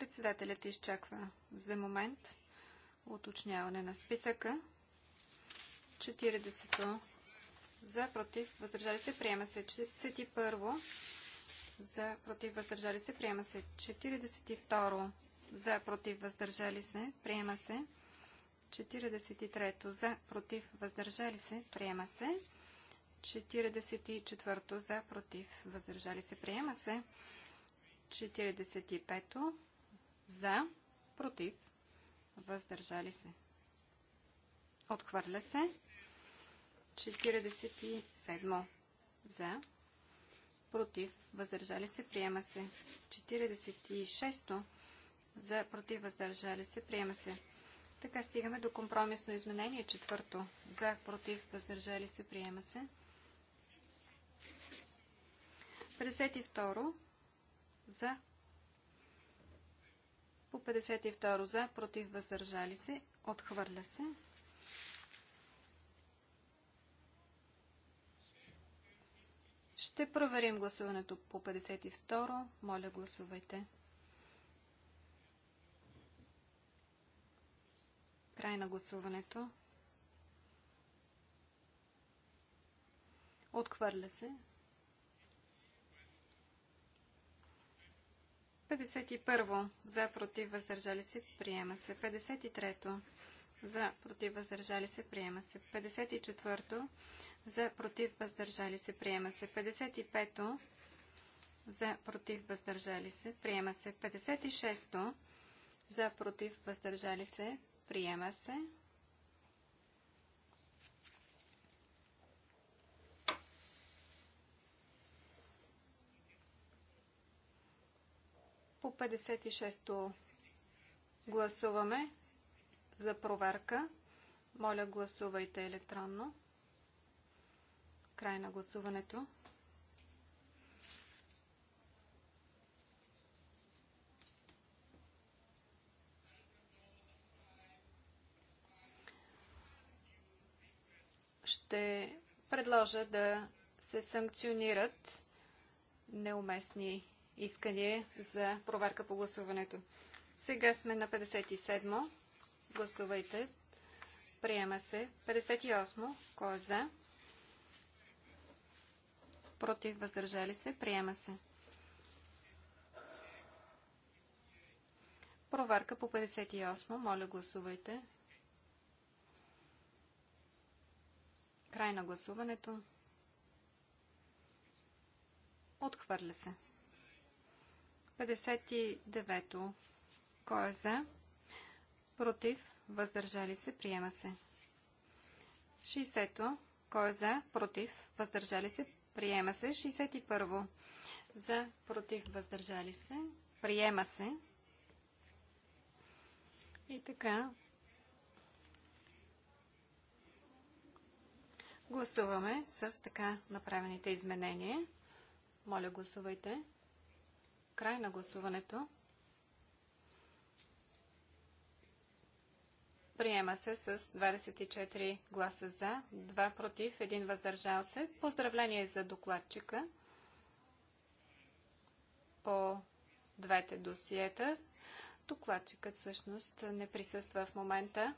Председателят изчаква за момент уточняване на списъка. 40-то за, против, въздържали се, приема се. 41-во за, против, въздържали се, приема се. 42-ро за, против, въздържали се, приема се. 43-то за, против, въздържали се, приема се. 44-то за, против, въздържали се, приема се. 45-то за, против, въздържали се. Отхвърля се. 47 за, против, въздържали се, приема се. 46 за, против, въздържали се, приема се. Така стигаме до компромисно изменение. Четвърто. За, против, въздържали се, приема се. 52. За, по 52 за, против, въздържали се, отхвърля се. Ще проверим гласуването по 52. Моля, гласувайте. Край на гласуването. Отхвърля се. 51. За, против, въздържали се, приема се. 53. За, против, въздържали се, приема се. 54. За, против, въздържали се, приема се. 55. За, против, въздържали се, приема се. 56. За, против, въздържали се, приема се. 56-то гласуваме за проверка. Моля, гласувайте електронно. Край на гласуването. Ще предложа да се санкционират неуместни искания за проверка по гласуването. Сега сме на 57. Гласувайте. Приема се. 58. Кой е за? Против. Въздържали се. Приема се. Проверка по 58. Моля, гласувайте. Край на гласуването. Отхвърля се. 59-то. Кой е за? Против? Въздържали се? Приема се. 60-то. Кой е за? Против? Въздържали се? Приема се. 61-во. За? Против? Въздържали се? Приема се. И така. Гласуваме с така направените изменения. Моля, гласувайте. Гласувайте. Край на гласуването. Приема се с 24 гласа за, 2 против, 1 въздържал се. Поздравление за докладчика по двете досиета. Докладчикът всъщност не присъства в момента,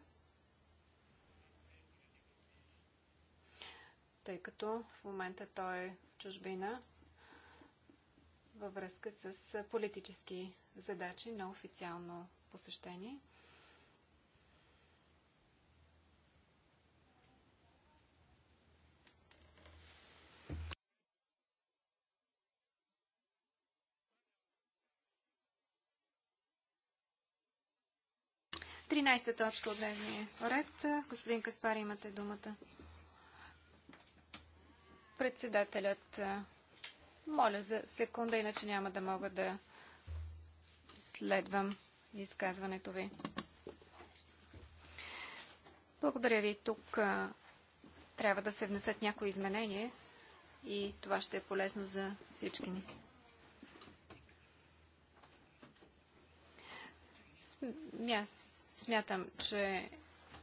тъй като в момента той е в чужбина във връзка с политически задачи на официално посещение. Тринайста точка от дневния ред. Господин Каспар, имате думата. Председателят моля за секунда, иначе няма да мога да следвам изказването ви. Благодаря ви. Тук а, трябва да се внесат някои изменения и това ще е полезно за всички ни. Аз смятам, че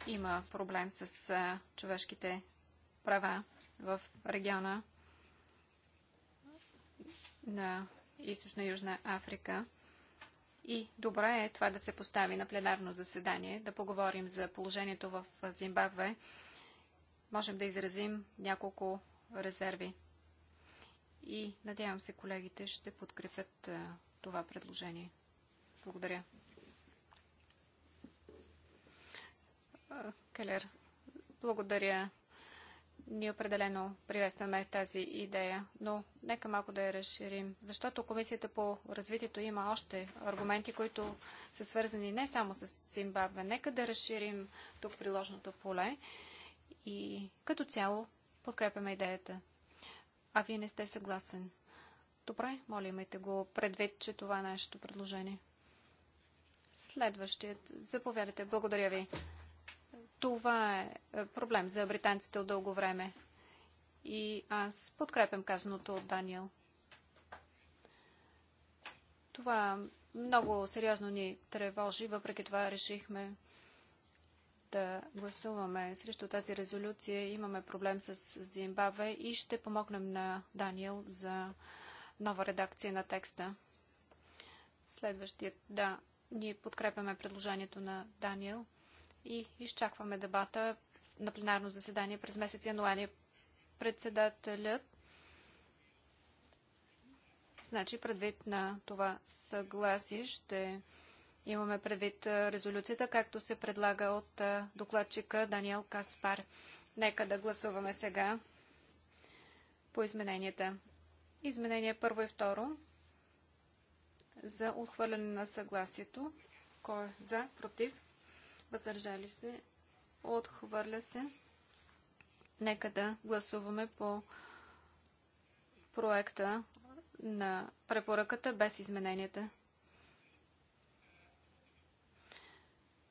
има проблем с а, човешките права в региона на Източна и Южна Африка. И добре е това да се постави на пленарно заседание, да поговорим за положението в Зимбабве. Можем да изразим няколко резерви. И надявам се колегите ще подкрепят това предложение. Благодаря. Келер, благодаря ние определено приветстваме тази идея, но нека малко да я разширим, защото Комисията по развитието има още аргументи, които са свързани не само с Зимбабве. Нека да разширим тук приложното поле и като цяло подкрепяме идеята. А вие не сте съгласен. Добре, моля имайте го предвид, че това е нашето предложение. Следващият. Заповядайте. Благодаря ви. Това е, е проблем за британците от дълго време. И аз подкрепям казаното от Даниел. Това много сериозно ни тревожи, въпреки това решихме да гласуваме срещу тази резолюция. Имаме проблем с Зимбабве и ще помогнем на Даниел за нова редакция на текста. Следващият, да, ние подкрепяме предложението на Даниел – и изчакваме дебата на пленарно заседание през месец януари. Председателят Значи предвид на това съгласие ще имаме предвид резолюцията, както се предлага от докладчика Даниел Каспар. Нека да гласуваме сега по измененията. Изменение първо и второ за отхвърляне на съгласието. Кой е за? Против? въздържали се, отхвърля се. Нека да гласуваме по проекта на препоръката без измененията.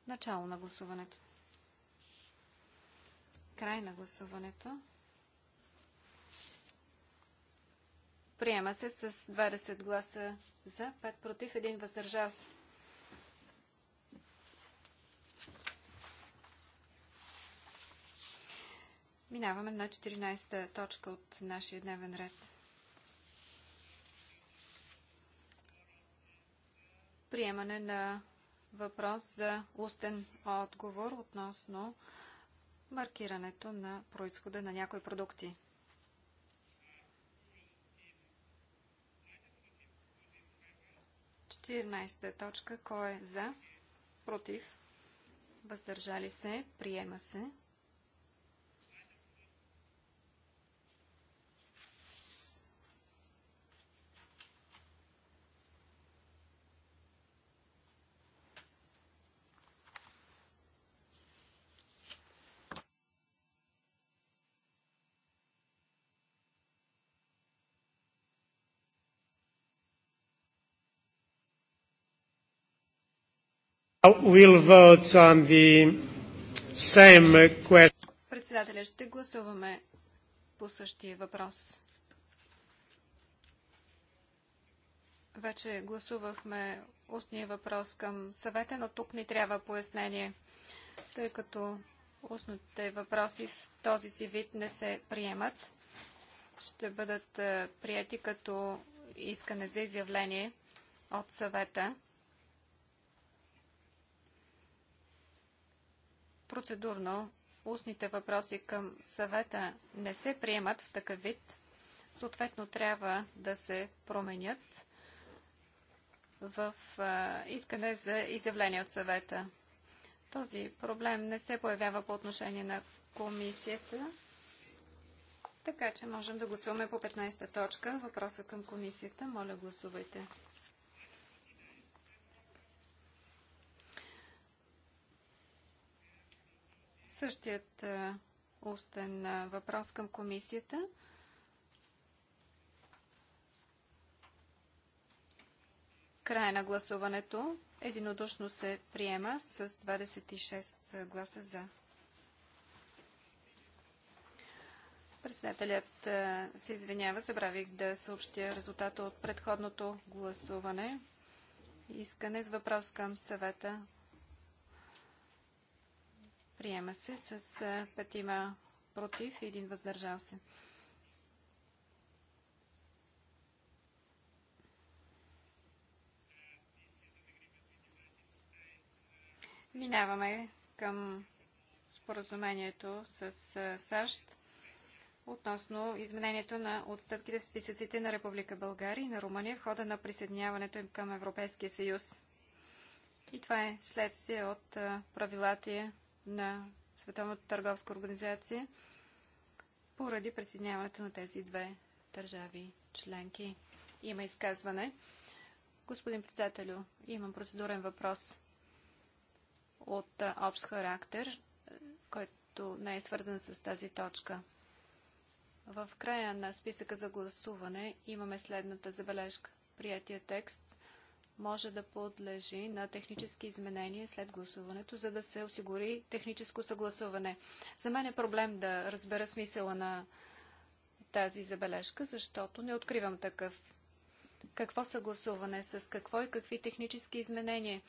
Начало на гласуването. Край на гласуването. Приема се с 20 гласа за, 5 против, 1 въздържал се. Минаваме на 14-та точка от нашия дневен ред. Приемане на въпрос за устен отговор относно маркирането на происхода на някои продукти. Четиринайста точка. Кой е за? Против? Въздържали се? Приема се. We'll vote on the same question. Председателя, ще гласуваме по същия въпрос. Вече гласувахме устния въпрос към съвета, но тук ни трябва пояснение, тъй като устните въпроси в този си вид не се приемат. Ще бъдат е, прияти като искане за изявление от съвета. Процедурно, устните въпроси към съвета не се приемат в такъв вид. Съответно, трябва да се променят в искане за изявление от съвета. Този проблем не се появява по отношение на комисията. Така че можем да гласуваме по 15-та точка. Въпроса към комисията. Моля, гласувайте. Същият устен въпрос към комисията. Край на гласуването. Единодушно се приема с 26 гласа за. Председателят се извинява. Забравих да съобщя резултата от предходното гласуване. Искане с въпрос към съвета Приема се с петима против и един въздържал се. Минаваме към споразумението с САЩ относно изменението на отстъпките в списъците на Република България и на Румъния в хода на присъединяването им към Европейския съюз. И това е следствие от правилата на Световната търговска организация поради присъединяването на тези две държави членки. Има изказване. Господин председателю, имам процедурен въпрос от общ характер, който не е свързан с тази точка. В края на списъка за гласуване имаме следната забележка. Приятия текст може да подлежи на технически изменения след гласуването, за да се осигури техническо съгласуване. За мен е проблем да разбера смисъла на тази забележка, защото не откривам такъв. Какво съгласуване, с какво и какви технически изменения?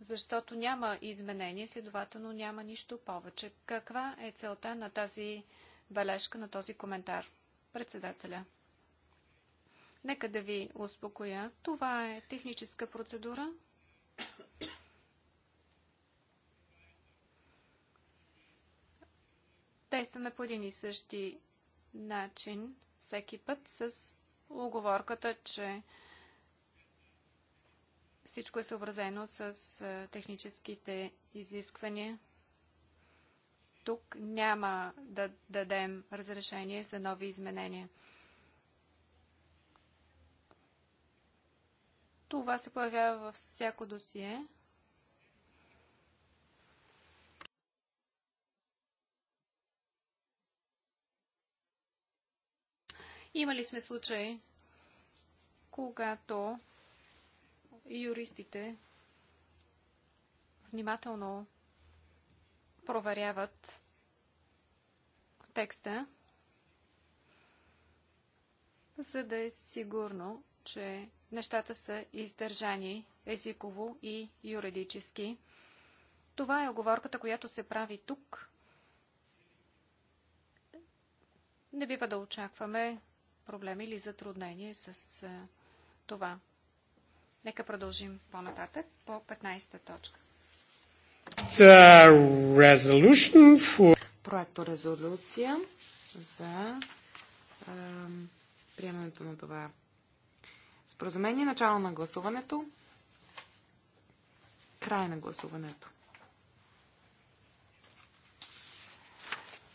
Защото няма изменения, следователно няма нищо повече. Каква е целта на тази бележка, на този коментар? Председателя. Нека да ви успокоя. Това е техническа процедура. Тестваме по един и същи начин всеки път с оговорката, че всичко е съобразено с техническите изисквания. Тук няма да дадем разрешение за нови изменения. Това се появява във всяко досие. Имали сме случаи, когато юристите внимателно проверяват текста, за да е сигурно, че нещата са издържани езиково и юридически. Това е оговорката, която се прави тук. Не бива да очакваме проблеми или затруднение с това. Нека продължим по-нататък по 15-та точка. Проекто резолюция за приемането на това споразумение. Начало на гласуването. Край на гласуването.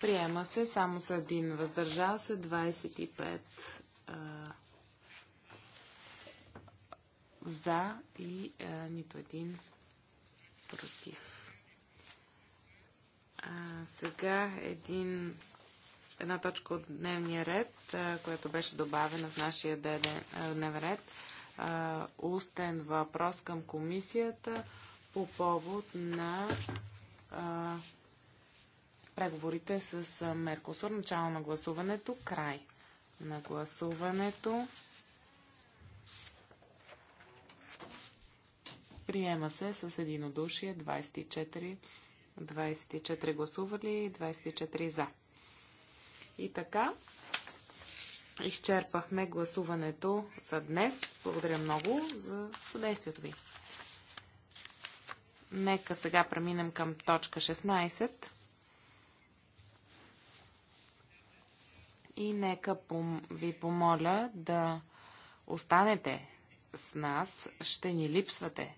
Приема се само с един въздържал се 25 а, за и а, нито един против. А, сега един една точка от дневния ред, която беше добавена в нашия е, дневен ред. Устен въпрос към комисията по повод на преговорите с Меркосур. Начало на гласуването, край на гласуването. Приема се с единодушие 24, 24 гласували и 24 за. И така, изчерпахме гласуването за днес. Благодаря много за съдействието ви. Нека сега преминем към точка 16. И нека ви помоля да останете с нас. Ще ни липсвате.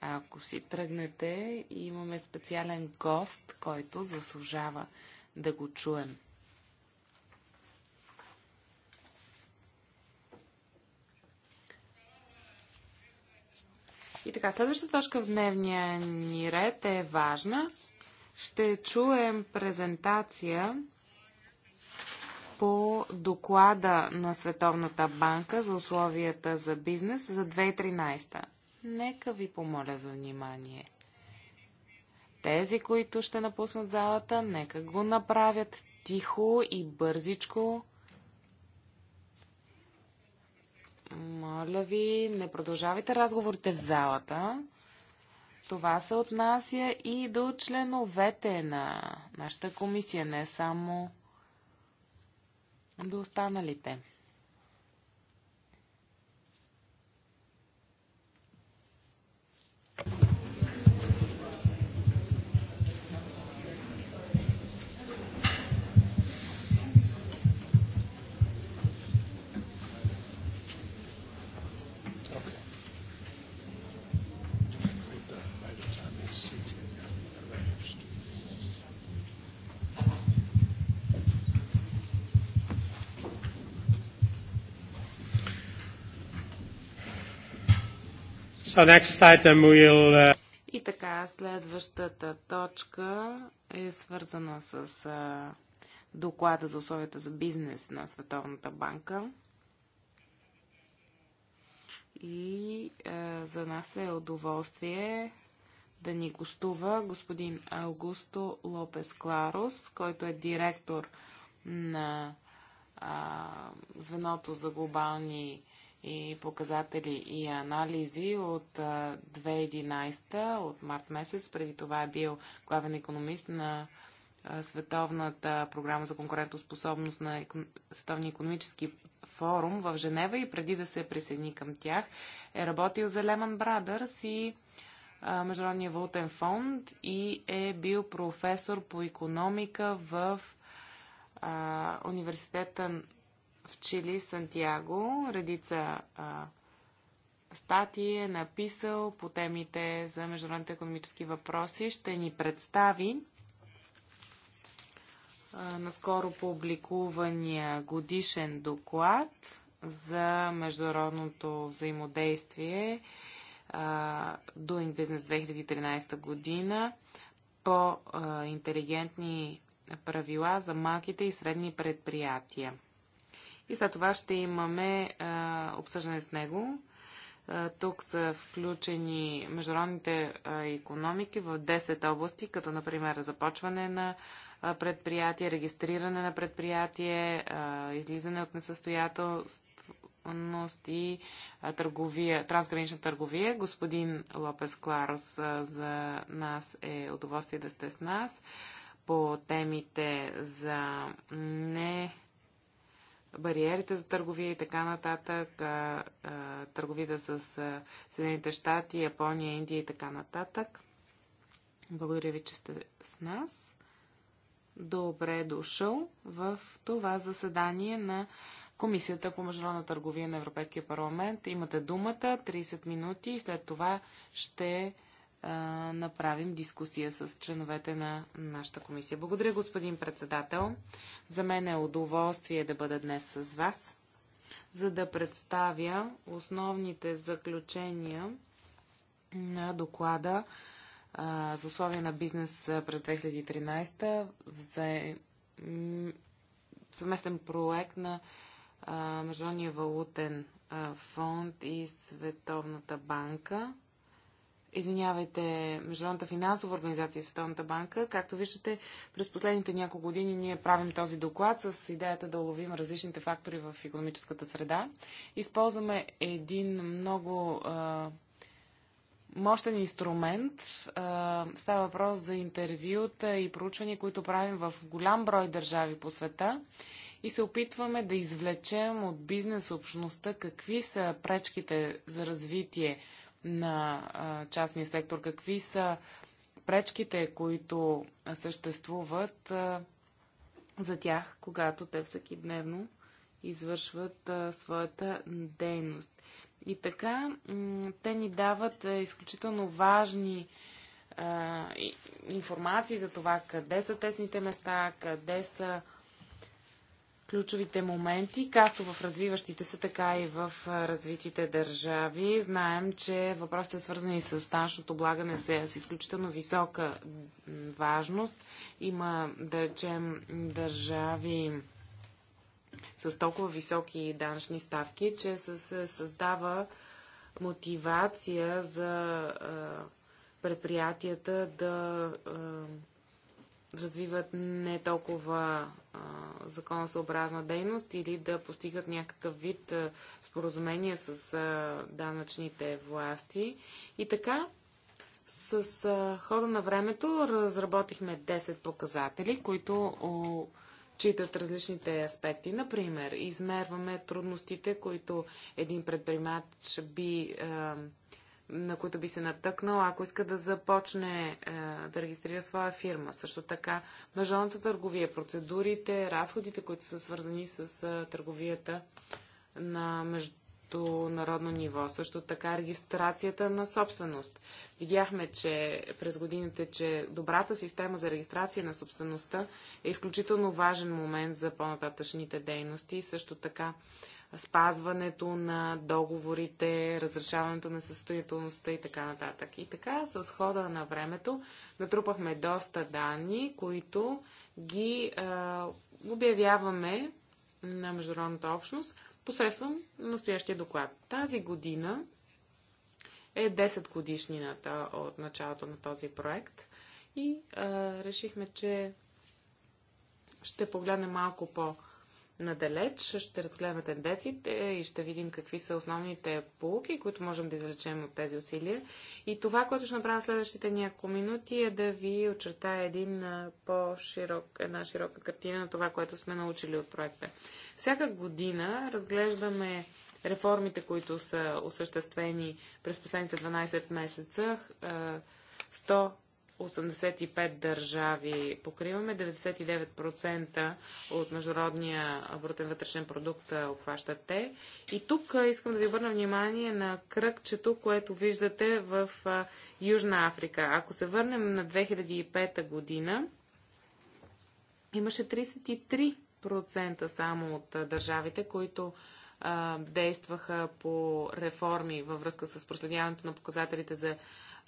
Ако си тръгнете, имаме специален гост, който заслужава да го чуем. И така, следващата точка в дневния ни ред е важна. Ще чуем презентация по доклада на Световната банка за условията за бизнес за 2013. Нека ви помоля за внимание. Тези, които ще напуснат залата, нека го направят тихо и бързичко Моля ви, не продължавайте разговорите в залата. Това се отнася и до членовете на нашата комисия, не само до останалите. So next item we'll, uh... И така, следващата точка е свързана с uh, доклада за условията за бизнес на Световната банка. И uh, за нас е удоволствие да ни гостува господин Аугусто Лопес Кларос, който е директор на а, звеното за глобални и показатели и анализи от 2011, от март месец. Преди това е бил главен економист на Световната програма за конкурентоспособност на Световния економически форум в Женева и преди да се присъедини към тях е работил за Lehman Brothers и Международния валутен фонд и е бил професор по економика в а, университета в Чили, Сантьяго, редица а, статии е написал по темите за международните економически въпроси. Ще ни представи а, наскоро публикувания годишен доклад за международното взаимодействие а, Doing Business 2013 година по а, интелигентни правила за малките и средни предприятия. И след това ще имаме а, обсъждане с него. А, тук са включени международните а, економики в 10 области, като например започване на предприятие, регистриране на предприятие, а, излизане от несъстоятелност и а, търговия, трансгранична търговия. Господин Лопес Кларос, а, за нас е удоволствие да сте с нас по темите за не бариерите за търговия и така нататък, търговията с Съединените щати, Япония, Индия и така нататък. Благодаря ви, че сте с нас. Добре дошъл в това заседание на Комисията по международна търговия на Европейския парламент. Имате думата 30 минути и след това ще направим дискусия с членовете на нашата комисия. Благодаря, господин председател. За мен е удоволствие да бъда днес с вас, за да представя основните заключения на доклада за условия на бизнес през 2013 за съвместен проект на Международния валутен фонд и Световната банка извинявайте, Международната финансова организация и Световната банка. Както виждате, през последните няколко години ние правим този доклад с идеята да уловим различните фактори в економическата среда. Използваме един много а, мощен инструмент. А, става въпрос за интервюта и проучвания, които правим в голям брой държави по света и се опитваме да извлечем от бизнес общността какви са пречките за развитие на частния сектор? Какви са пречките, които съществуват за тях, когато те всеки дневно извършват своята дейност? И така, те ни дават изключително важни информации за това къде са тесните места, къде са ключовите моменти, както в развиващите се, така и в развитите държави. Знаем, че въпросите свързани с таншното облагане са с изключително висока важност. Има, да речем, държави с толкова високи данъчни ставки, че се създава мотивация за предприятията да развиват не толкова а, законосъобразна дейност или да постигат някакъв вид а, споразумение с а, данъчните власти. И така, с а, хода на времето разработихме 10 показатели, които о, читат различните аспекти. Например, измерваме трудностите, които един предприемач би. А, на които би се натъкнал, ако иска да започне е, да регистрира своя фирма. Също така, международната търговия, процедурите, разходите, които са свързани с е, търговията на международно ниво. Също така, регистрацията на собственост. Видяхме, че през годините, че добрата система за регистрация на собствеността е изключително важен момент за по-нататъчните дейности. Също така, спазването на договорите, разрешаването на състоятелността и така нататък. И така, с хода на времето, натрупахме доста данни, които ги а, обявяваме на международната общност посредством настоящия доклад. Тази година е 10 годишнината от началото на този проект и а, решихме, че ще погледнем малко по- надалеч, ще разгледаме тенденциите и ще видим какви са основните полуки, които можем да извлечем от тези усилия. И това, което ще направя следващите няколко минути е да ви очертая един по-широк, една широка картина на това, което сме научили от проекта. Всяка година разглеждаме реформите, които са осъществени през последните 12 месеца, 100 85 държави покриваме, 99% от международния брутен вътрешен продукт обхващат те. И тук искам да ви обърна внимание на кръгчето, което виждате в Южна Африка. Ако се върнем на 2005 година, имаше 33% само от държавите, които действаха по реформи във връзка с проследяването на показателите за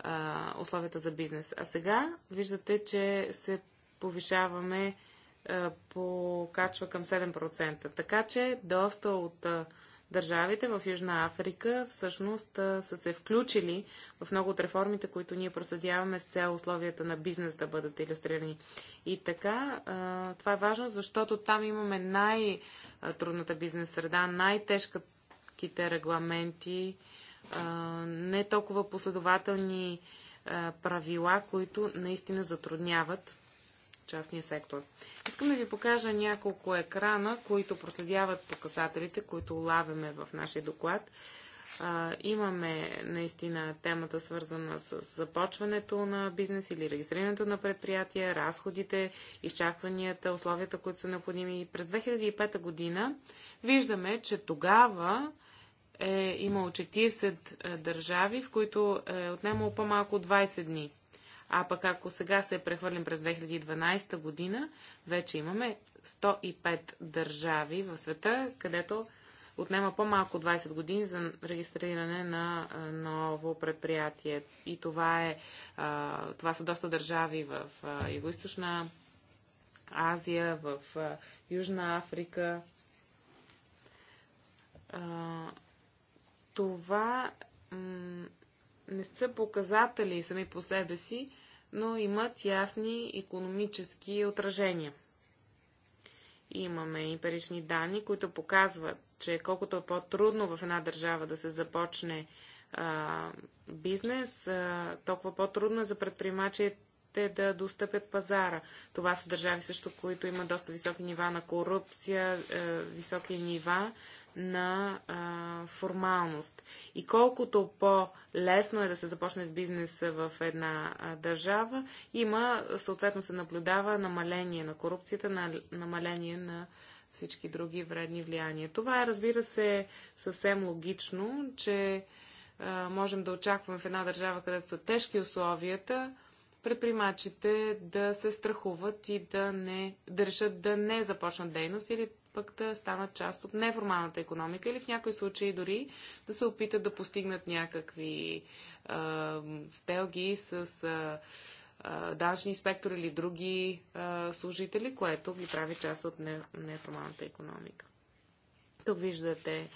а, условията за бизнес. А сега виждате, че се повишаваме, а, покачва към 7%. Така че доста от а, държавите в Южна Африка всъщност а, са се включили в много от реформите, които ние проследяваме с цел условията на бизнес да бъдат иллюстрирани. И така, а, това е важно, защото там имаме най-трудната бизнес среда, най-тежките регламенти, не толкова последователни правила, които наистина затрудняват частния сектор. Искам да ви покажа няколко екрана, които проследяват показателите, които лавяме в нашия доклад. А, имаме наистина темата свързана с започването на бизнес или регистрирането на предприятия, разходите, изчакванията, условията, които са необходими. През 2005 година виждаме, че тогава е имало 40 е, държави, в които е отнемало по-малко 20 дни. А пък ако сега се прехвърлим през 2012 година, вече имаме 105 държави в света, където отнема по-малко 20 години за регистриране на е, ново предприятие. И това, е, това са доста държави в Юго-Источна Азия, в Южна Африка това не са показатели сами по себе си, но имат ясни економически отражения. Имаме имперични данни, които показват, че колкото е по-трудно в една държава да се започне а, бизнес, а, толкова по-трудно е за предприемачите да достъпят пазара. Това са държави също, които имат доста високи нива на корупция, а, високи нива на а, формалност. И колкото по-лесно е да се започне бизнес в една а, държава, има, съответно се наблюдава намаление на корупцията, на, намаление на всички други вредни влияния. Това е, разбира се, съвсем логично, че а, можем да очакваме в една държава, където са тежки условията, предприемачите да се страхуват и да, не, да решат да не започнат дейност или пък да станат част от неформалната економика или в някои случаи дори да се опитат да постигнат някакви а, стелги с а, а, данъчни инспектори или други а, служители, което ги прави част от не, неформалната економика. Тук виждате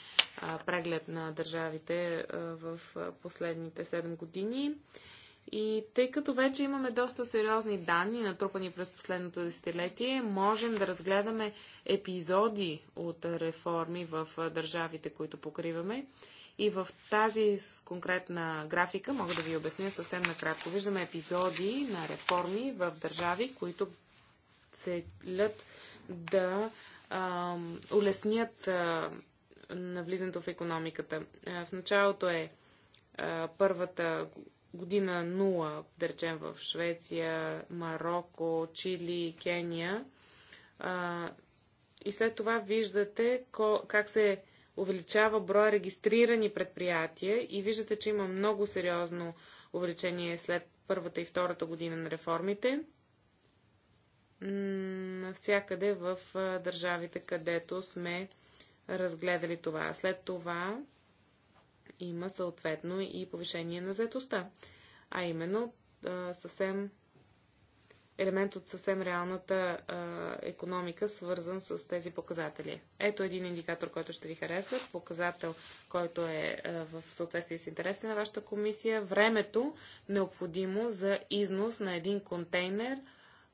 а, преглед на държавите а, в последните 7 години. А, и тъй като вече имаме доста сериозни данни, натрупани през последното десетилетие, можем да разгледаме епизоди от реформи в държавите, които покриваме. И в тази конкретна графика, мога да ви обясня съвсем накратко, виждаме епизоди на реформи в държави, които целят да а, улеснят а, навлизането в економиката. А, в началото е а, първата година нула, да речем в Швеция, Марокко, Чили, Кения. А, и след това виждате ко, как се увеличава броя регистрирани предприятия и виждате, че има много сериозно увеличение след първата и втората година на реформите навсякъде в държавите, където сме разгледали това. След това има съответно и повишение на заетостта. А именно съвсем елемент от съвсем реалната економика, свързан с тези показатели. Ето един индикатор, който ще ви хареса, показател, който е в съответствие с интересите на вашата комисия, времето необходимо за износ на един контейнер –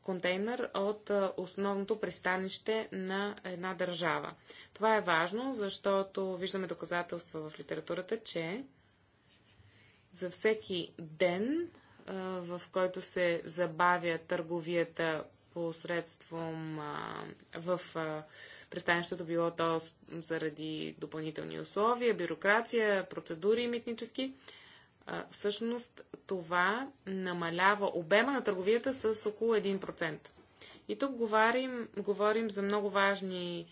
контейнер от основното пристанище на една държава. Това е важно, защото виждаме доказателства в литературата, че за всеки ден, в който се забавя търговията посредством в пристанището, било то заради допълнителни условия, бюрокрация, процедури митнически, всъщност това намалява обема на търговията с около 1%. И тук говорим, говорим за много важни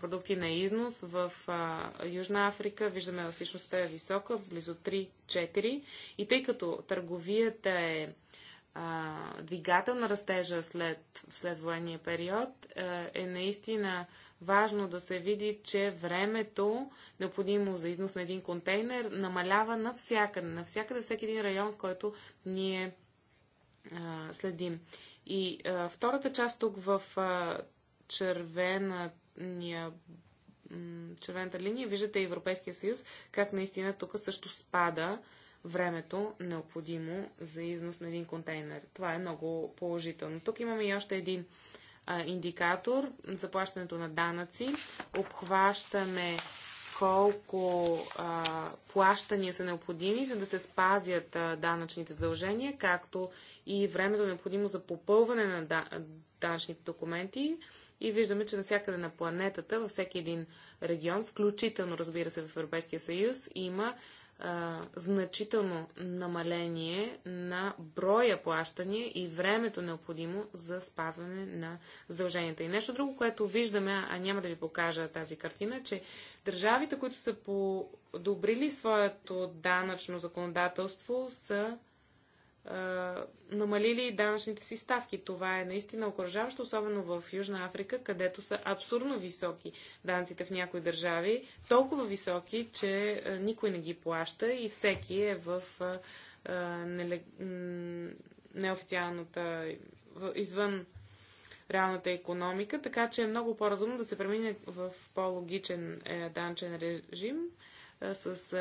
продукти на износ в Южна Африка. Виждаме еластичността е висока, близо 3-4. И тъй като търговията е двигател на растежа след, след военния период, е наистина важно да се види, че времето, необходимо за износ на един контейнер, намалява навсякъде, навсякъде, всеки един район, в който ние а, следим. И а, втората част тук в а, червения червената линия, виждате Европейския съюз, как наистина тук също спада времето необходимо за износ на един контейнер. Това е много положително. Тук имаме и още един Индикатор индикатор, заплащането на данъци. Обхващаме колко а, плащания са необходими, за да се спазят а, данъчните задължения, както и времето необходимо за попълване на да, данъчните документи. И виждаме, че навсякъде на планетата, във всеки един регион, включително, разбира се, в Европейския съюз, има значително намаление на броя плащания и времето необходимо за спазване на задълженията. И нещо друго, което виждаме, а няма да ви покажа тази картина, че държавите, които са подобрили своето данъчно законодателство, са намалили данъчните си ставки. Това е наистина окоръжаващо, особено в Южна Африка, където са абсурдно високи данците в някои държави, толкова високи, че никой не ги плаща и всеки е в неофициалната, извън реалната економика, така че е много по-разумно да се премине в по-логичен е, данчен режим с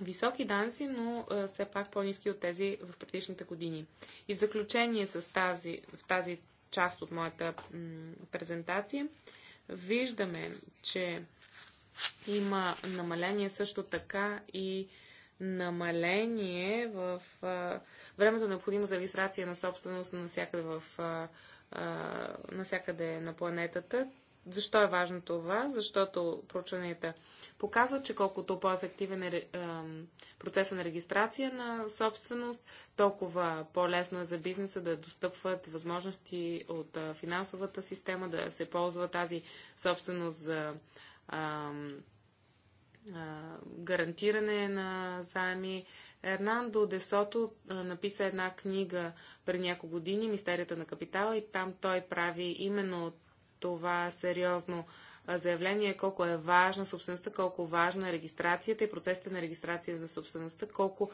високи данси, но а, все пак по-низки от тези в предишните години. И в заключение с тази, в тази част от моята презентация, виждаме, че има намаление също така и намаление в а, времето необходимо за регистрация на собственост навсякъде, в, а, навсякъде на планетата. Защо е важно това? Защото проучванията показват, че колкото по-ефективен е, е процеса на регистрация на собственост, толкова по-лесно е за бизнеса да достъпват възможности от финансовата система, да се ползва тази собственост за гарантиране на заеми. Ернандо Десото написа една книга преди няколко години, Мистерията на капитала, и там той прави именно това сериозно заявление, колко е важна собствеността, колко важна е регистрацията и процесите на регистрация за собствеността, колко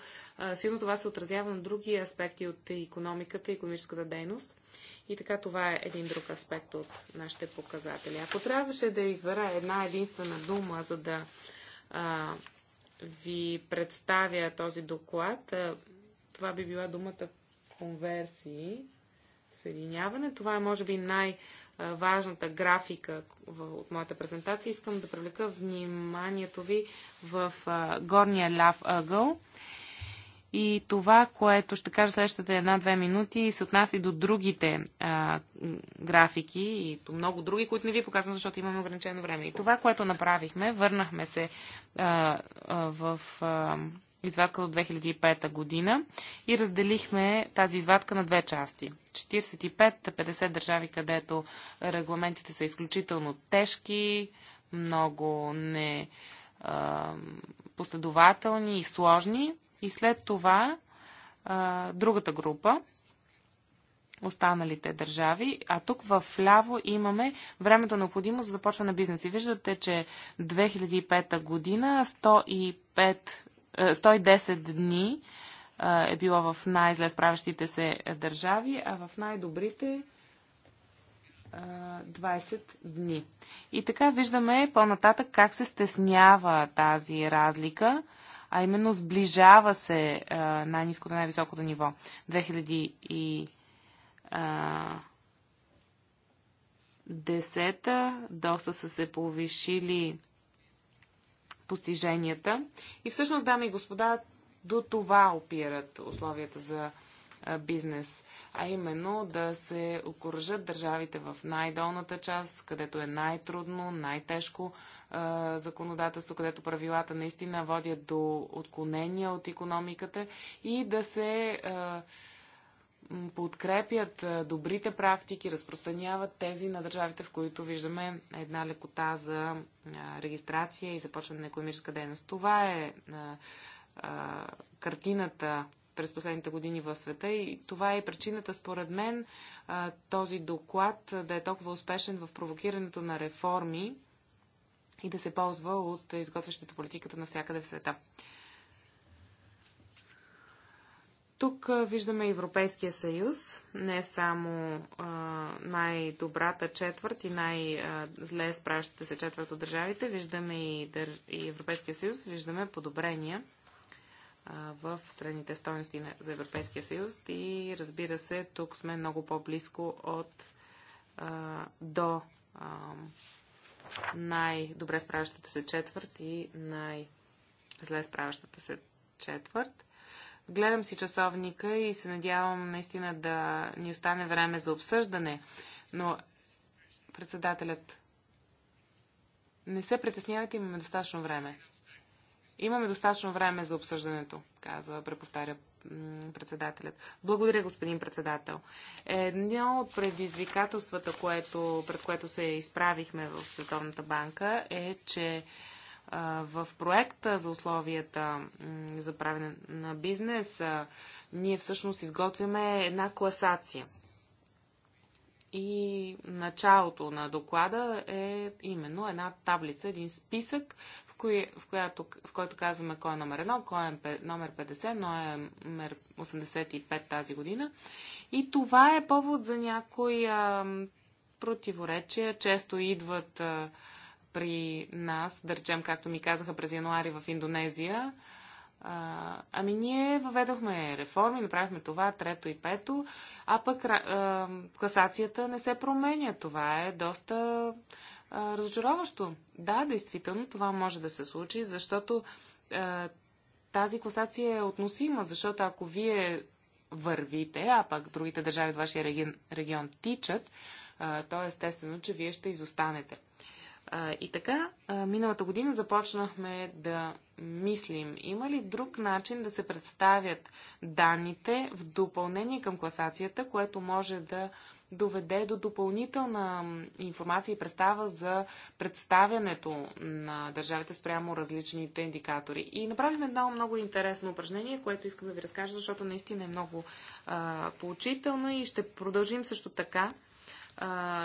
силно това се отразява на други аспекти от економиката и економическата дейност. И така това е един друг аспект от нашите показатели. Ако трябваше да избера една единствена дума, за да а, ви представя този доклад, а, това би била думата конверсии, съединяване. Това е може би най- важната графика от моята презентация, искам да привлека вниманието ви в горния ляв ъгъл. И това, което ще кажа следващите една-две минути, се отнася и до другите а, графики и до много други, които не ви показвам, защото имаме ограничено време. И това, което направихме, върнахме се а, а, в. А, извадка до 2005 година и разделихме тази извадка на две части. 45-50 държави, където регламентите са изключително тежки, много не а, последователни и сложни. И след това а, другата група, останалите държави, а тук в ляво имаме времето необходимо за започване на бизнес. И виждате, че 2005 година 105 110 е, дни е, е била в най-зле справящите се държави, а в най-добрите 20 е, дни. И така виждаме по-нататък как се стеснява тази разлика, а именно сближава се най низко до най-високото ниво. 2000 и 10 доста са се повишили постиженията. И всъщност, дами и господа, до това опират условията за бизнес, а именно да се окоръжат държавите в най-долната част, където е най-трудно, най-тежко е, законодателство, където правилата наистина водят до отклонения от економиката и да се е, подкрепят добрите практики, разпространяват тези на държавите, в които виждаме една лекота за регистрация и започване на економическа дейност. Това е картината през последните години в света и това е причината, според мен, този доклад да е толкова успешен в провокирането на реформи и да се ползва от изготвящата политиката навсякъде в света. Тук виждаме Европейския съюз, не само най-добрата четвърт и най-зле справящата се четвърт от държавите, виждаме и, Дър... и Европейския съюз, виждаме подобрения в средните стоености за Европейския съюз и разбира се, тук сме много по-близко от а, до а, най-добре справящата се четвърт и най-зле справящата се четвърт Гледам си часовника и се надявам наистина да ни остане време за обсъждане, но председателят, не се притеснявайте, имаме достатъчно време. Имаме достатъчно време за обсъждането, казва, преповтаря председателят. Благодаря, господин председател. Едно от предизвикателствата, което, пред което се изправихме в Световната банка е, че в проекта за условията за правене на бизнес, ние всъщност изготвяме една класация. И началото на доклада е именно една таблица, един списък, в, кои, в, която, в който казваме кой е номер 1, кой е номер 50, но номер 85 тази година. И това е повод за някои противоречия. Често идват. А, при нас, да речем, както ми казаха през януари в Индонезия, а, ами ние въведохме реформи, направихме това, трето и пето, а пък а, класацията не се променя. Това е доста а, разочароващо. Да, действително това може да се случи, защото а, тази класация е относима, защото ако вие вървите, а пък другите държави от вашия регион, регион тичат, а, то е естествено, че вие ще изостанете. А, и така, а, миналата година започнахме да мислим, има ли друг начин да се представят данните в допълнение към класацията, което може да доведе до допълнителна информация и представа за представянето на държавите спрямо различните индикатори. И направихме едно много интересно упражнение, което искам да ви разкажа, защото наистина е много а, поучително и ще продължим също така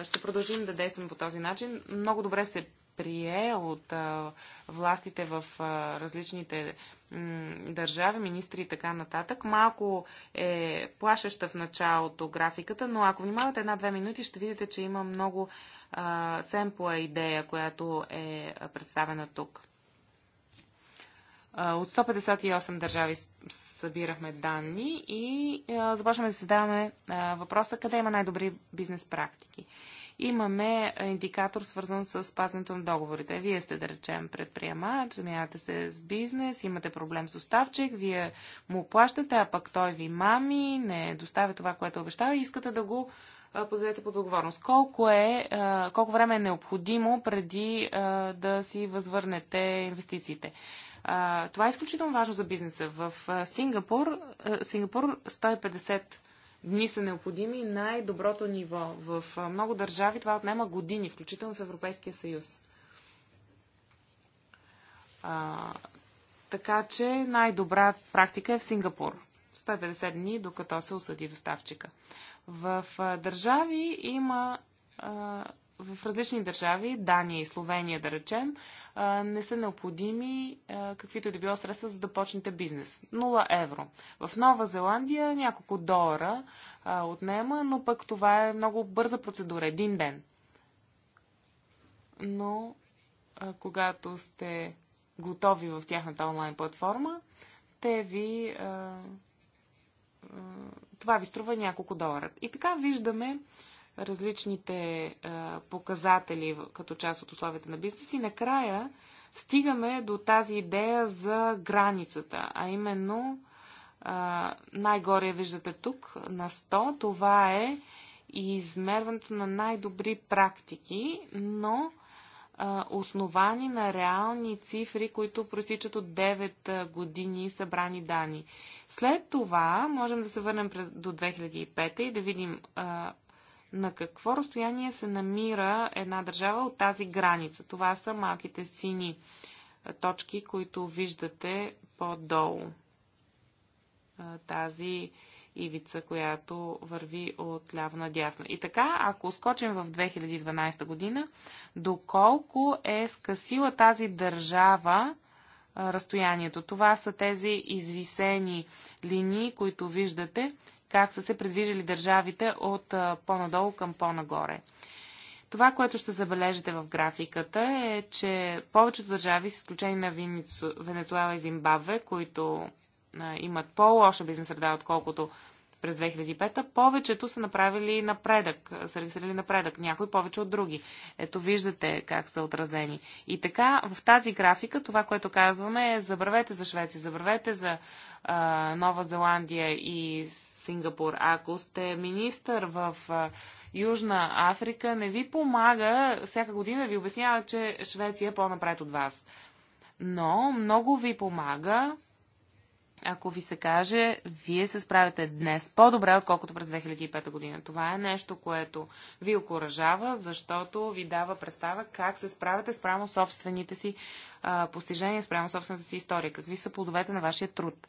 ще продължим да действаме по този начин. Много добре се прие от властите в различните държави, министри и така нататък. Малко е плашеща в началото графиката, но ако внимавате една-две минути, ще видите, че има много семпла идея, която е представена тук. От 158 държави събирахме данни и започваме да задаваме въпроса къде има най-добри бизнес практики. Имаме индикатор, свързан с пазването на договорите. Вие сте, да речем, предприемач, занимавате се с бизнес, имате проблем с доставчик, вие му плащате, а пък той ви мами, не доставя това, което обещава и искате да го позовете по договорност. Колко, е, колко време е необходимо преди да си възвърнете инвестициите? това е изключително важно за бизнеса. В Сингапур, Сингапур 150 дни са необходими най-доброто ниво. В много държави това отнема години, включително в Европейския съюз. А, така че най-добра практика е в Сингапур. 150 дни, докато се осъди доставчика. В а, държави има а, в различни държави, Дания и Словения да речем, не са необходими каквито и да било средства, за да почнете бизнес. 0 евро. В Нова Зеландия няколко долара отнема, но пък това е много бърза процедура, един ден. Но когато сте готови в тяхната онлайн платформа, те ви. Това ви струва няколко долара. И така виждаме различните показатели като част от условията на бизнес. И накрая стигаме до тази идея за границата, а именно най-горе виждате тук на 100. Това е измерването на най-добри практики, но а, основани на реални цифри, които проистичат от 9 години събрани данни. След това можем да се върнем до 2005 и да видим на какво разстояние се намира една държава от тази граница. Това са малките сини точки, които виждате по-долу. Тази ивица, която върви от ляво надясно. И така, ако скочим в 2012 година, доколко е скъсила тази държава разстоянието? Това са тези извисени линии, които виждате как са се предвижили държавите от по-надолу към по-нагоре. Това, което ще забележите в графиката е, че повечето държави, с изключение на Венецуела и Зимбабве, които имат по-лоша бизнес среда, отколкото през 2005, повечето са направили напредък, са регистрирали напредък, някои повече от други. Ето виждате как са отразени. И така, в тази графика, това, което казваме е забравете за Швеция, забравете за а, Нова Зеландия и Сингапур. Ако сте министър в Южна Африка, не ви помага всяка година ви обяснява, че Швеция е по-напред от вас. Но много ви помага, ако ви се каже, вие се справяте днес по-добре, отколкото през 2005 година. Това е нещо, което ви окоръжава, защото ви дава представа как се справяте спрямо собствените си а, постижения, спрямо собствената си история, какви са плодовете на вашия труд.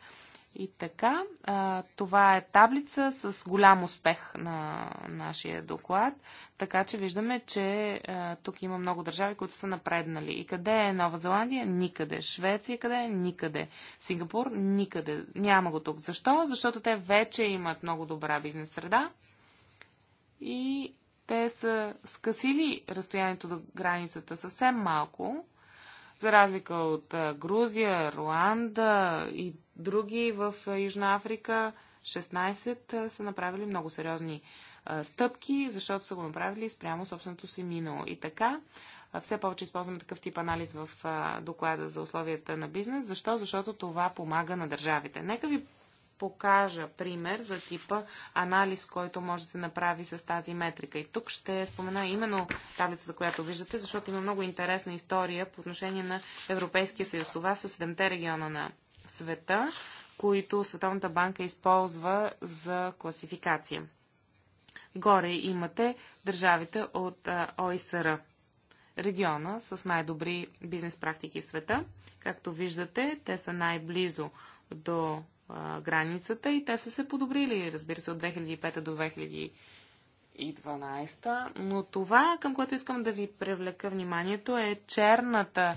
И така, а, това е таблица с голям успех на нашия доклад, така че виждаме, че а, тук има много държави, които са напреднали. И къде е Нова Зеландия? Никъде. Швеция къде е? Никъде. Сингапур? Никъде. Няма го тук. Защо? Защото те вече имат много добра бизнес среда и те са скъсили разстоянието до границата съвсем малко, за разлика от а, Грузия, Руанда и други в е, Южна Африка, 16, е, са направили много сериозни е, стъпки, защото са го направили спрямо собственото си минало. И така, все повече използваме такъв тип анализ в доклада за условията на бизнес. Защо? Защото това помага на държавите. Нека ви покажа пример за типа анализ, който може да се направи с тази метрика. И тук ще спомена именно таблицата, която виждате, защото има много интересна история по отношение на Европейския съюз. Това са седемте региона на света, които Световната банка използва за класификация. Горе имате държавите от ОИСР, региона с най-добри бизнес практики в света. Както виждате, те са най-близо до границата и те са се подобрили, разбира се, от 2005 до 2012. Но това, към което искам да ви привлека вниманието, е черната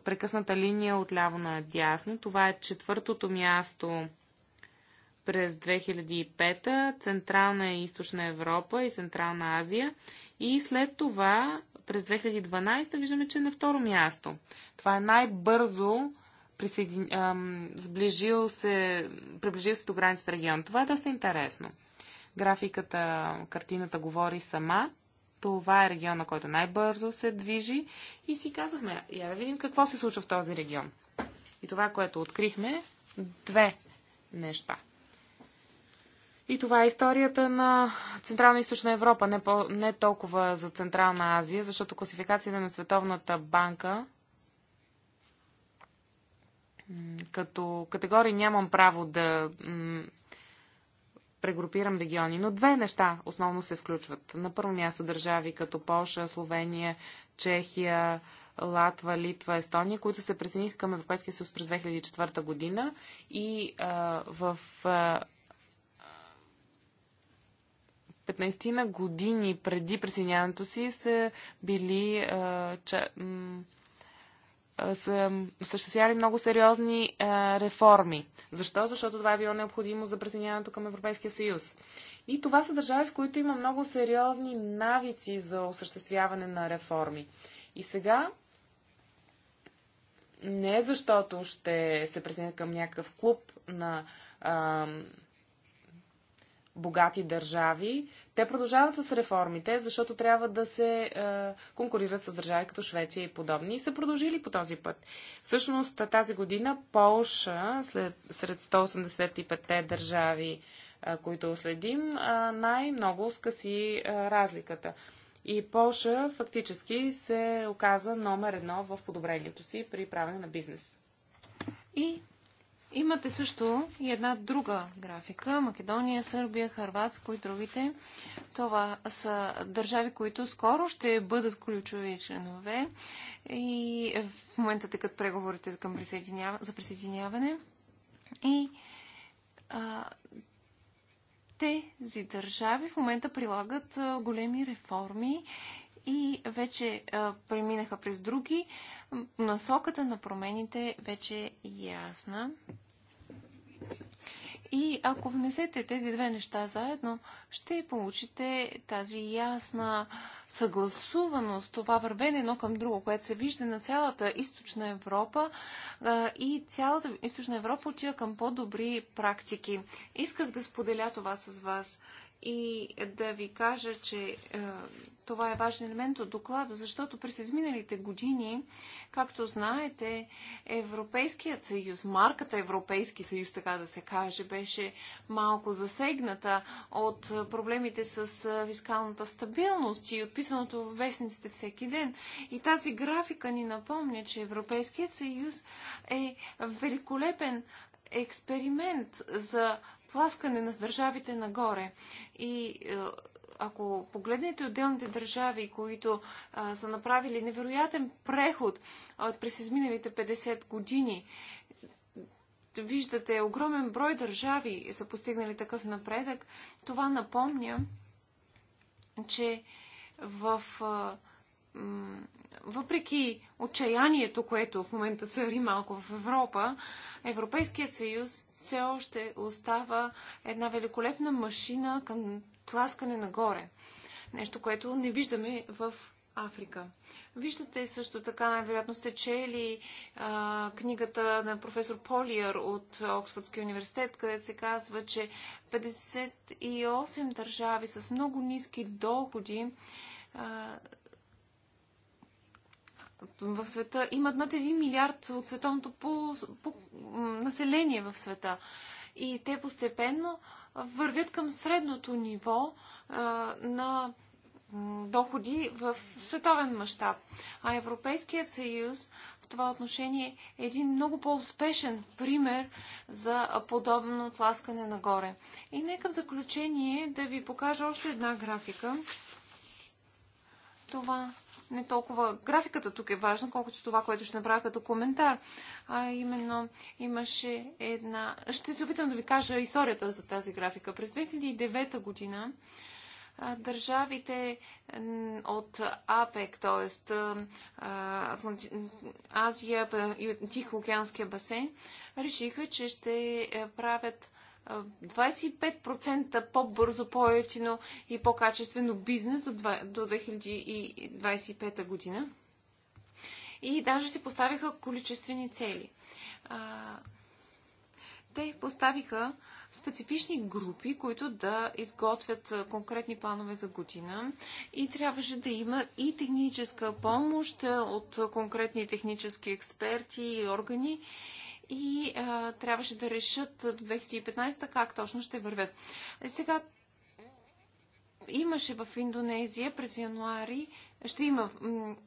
прекъсната линия от ляво на дясно. Това е четвъртото място през 2005, Централна и Източна Европа и Централна Азия. И след това през 2012 виждаме, че е на второ място. Това е най-бързо присъедин... сближил се, приближил се до границата регион. Това е доста интересно. Графиката, картината говори сама това е региона, който най-бързо се движи и си казахме, я да видим какво се случва в този регион. И това, което открихме, две неща. И това е историята на Централна и Източна Европа, не, по, не толкова за Централна Азия, защото класификацията на Световната банка като категории нямам право да прегрупирам региони, но две неща основно се включват. На първо място държави като Полша, Словения, Чехия, Латва, Литва, Естония, които се присъединиха към Европейския съюз през 2004 година и а, в а, 15 на години преди присъединяването си са били а, че, са осъществявали много сериозни реформи. Защо? Защото това е било необходимо за присъединяването към Европейския съюз. И това са държави, в които има много сериозни навици за осъществяване на реформи. И сега не защото ще се присъединят към някакъв клуб на богати държави, те продължават с реформите, защото трябва да се е, конкурират с държави като Швеция и подобни. И са продължили по този път. Всъщност тази година Полша, след, сред 185-те държави, е, които следим, е, най-много скъси е, разликата. И Полша фактически се оказа номер едно в подобрението си при правене на бизнес. И Имате също и една друга графика. Македония, Сърбия, Харватско и другите. Това са държави, които скоро ще бъдат ключови членове. И в момента тъкат преговорите към за присъединяване. И а, тези държави в момента прилагат големи реформи и вече а, преминаха през други. Насоката на промените вече е ясна. И ако внесете тези две неща заедно, ще получите тази ясна съгласуваност, това вървене едно към друго, което се вижда на цялата източна Европа а, и цялата източна Европа отива към по-добри практики. Исках да споделя това с вас и да ви кажа, че това е важен елемент от доклада, защото през изминалите години, както знаете, Европейският съюз, марката Европейски съюз, така да се каже, беше малко засегната от проблемите с фискалната стабилност и отписаното в вестниците всеки ден. И тази графика ни напомня, че Европейският съюз е великолепен експеримент за пласкане на държавите нагоре. И ако погледнете отделните държави, които а, са направили невероятен преход а, през изминалите 50 години, виждате огромен брой държави са постигнали такъв напредък, това напомня, че в, а, м, въпреки отчаянието, което в момента цари малко в Европа, Европейският съюз все още остава една великолепна машина към тласкане нагоре. Нещо, което не виждаме в Африка. Виждате също така, най-вероятно сте чели а, книгата на професор Полиер от Оксфордския университет, където се казва, че 58 държави с много ниски доходи а, в света имат над 1 милиард от световното по, по, население в света. И те постепенно вървят към средното ниво а, на доходи в световен мащаб. А Европейският съюз в това отношение е един много по-успешен пример за подобно тласкане нагоре. И нека в заключение да ви покажа още една графика. Това не толкова графиката тук е важна, колкото това, което ще направя като коментар. А именно имаше една... Ще се опитам да ви кажа историята за тази графика. През 2009 година държавите от АПЕК, т.е. Азия и Тихоокеанския басейн, решиха, че ще е, правят 25% по-бързо, по-ефтино и по-качествено бизнес до 2025 година. И даже се поставиха количествени цели. Те поставиха специфични групи, които да изготвят конкретни планове за година и трябваше да има и техническа помощ от конкретни технически експерти и органи и а, трябваше да решат до 2015 как точно ще вървят. Сега имаше в Индонезия през януари, ще има,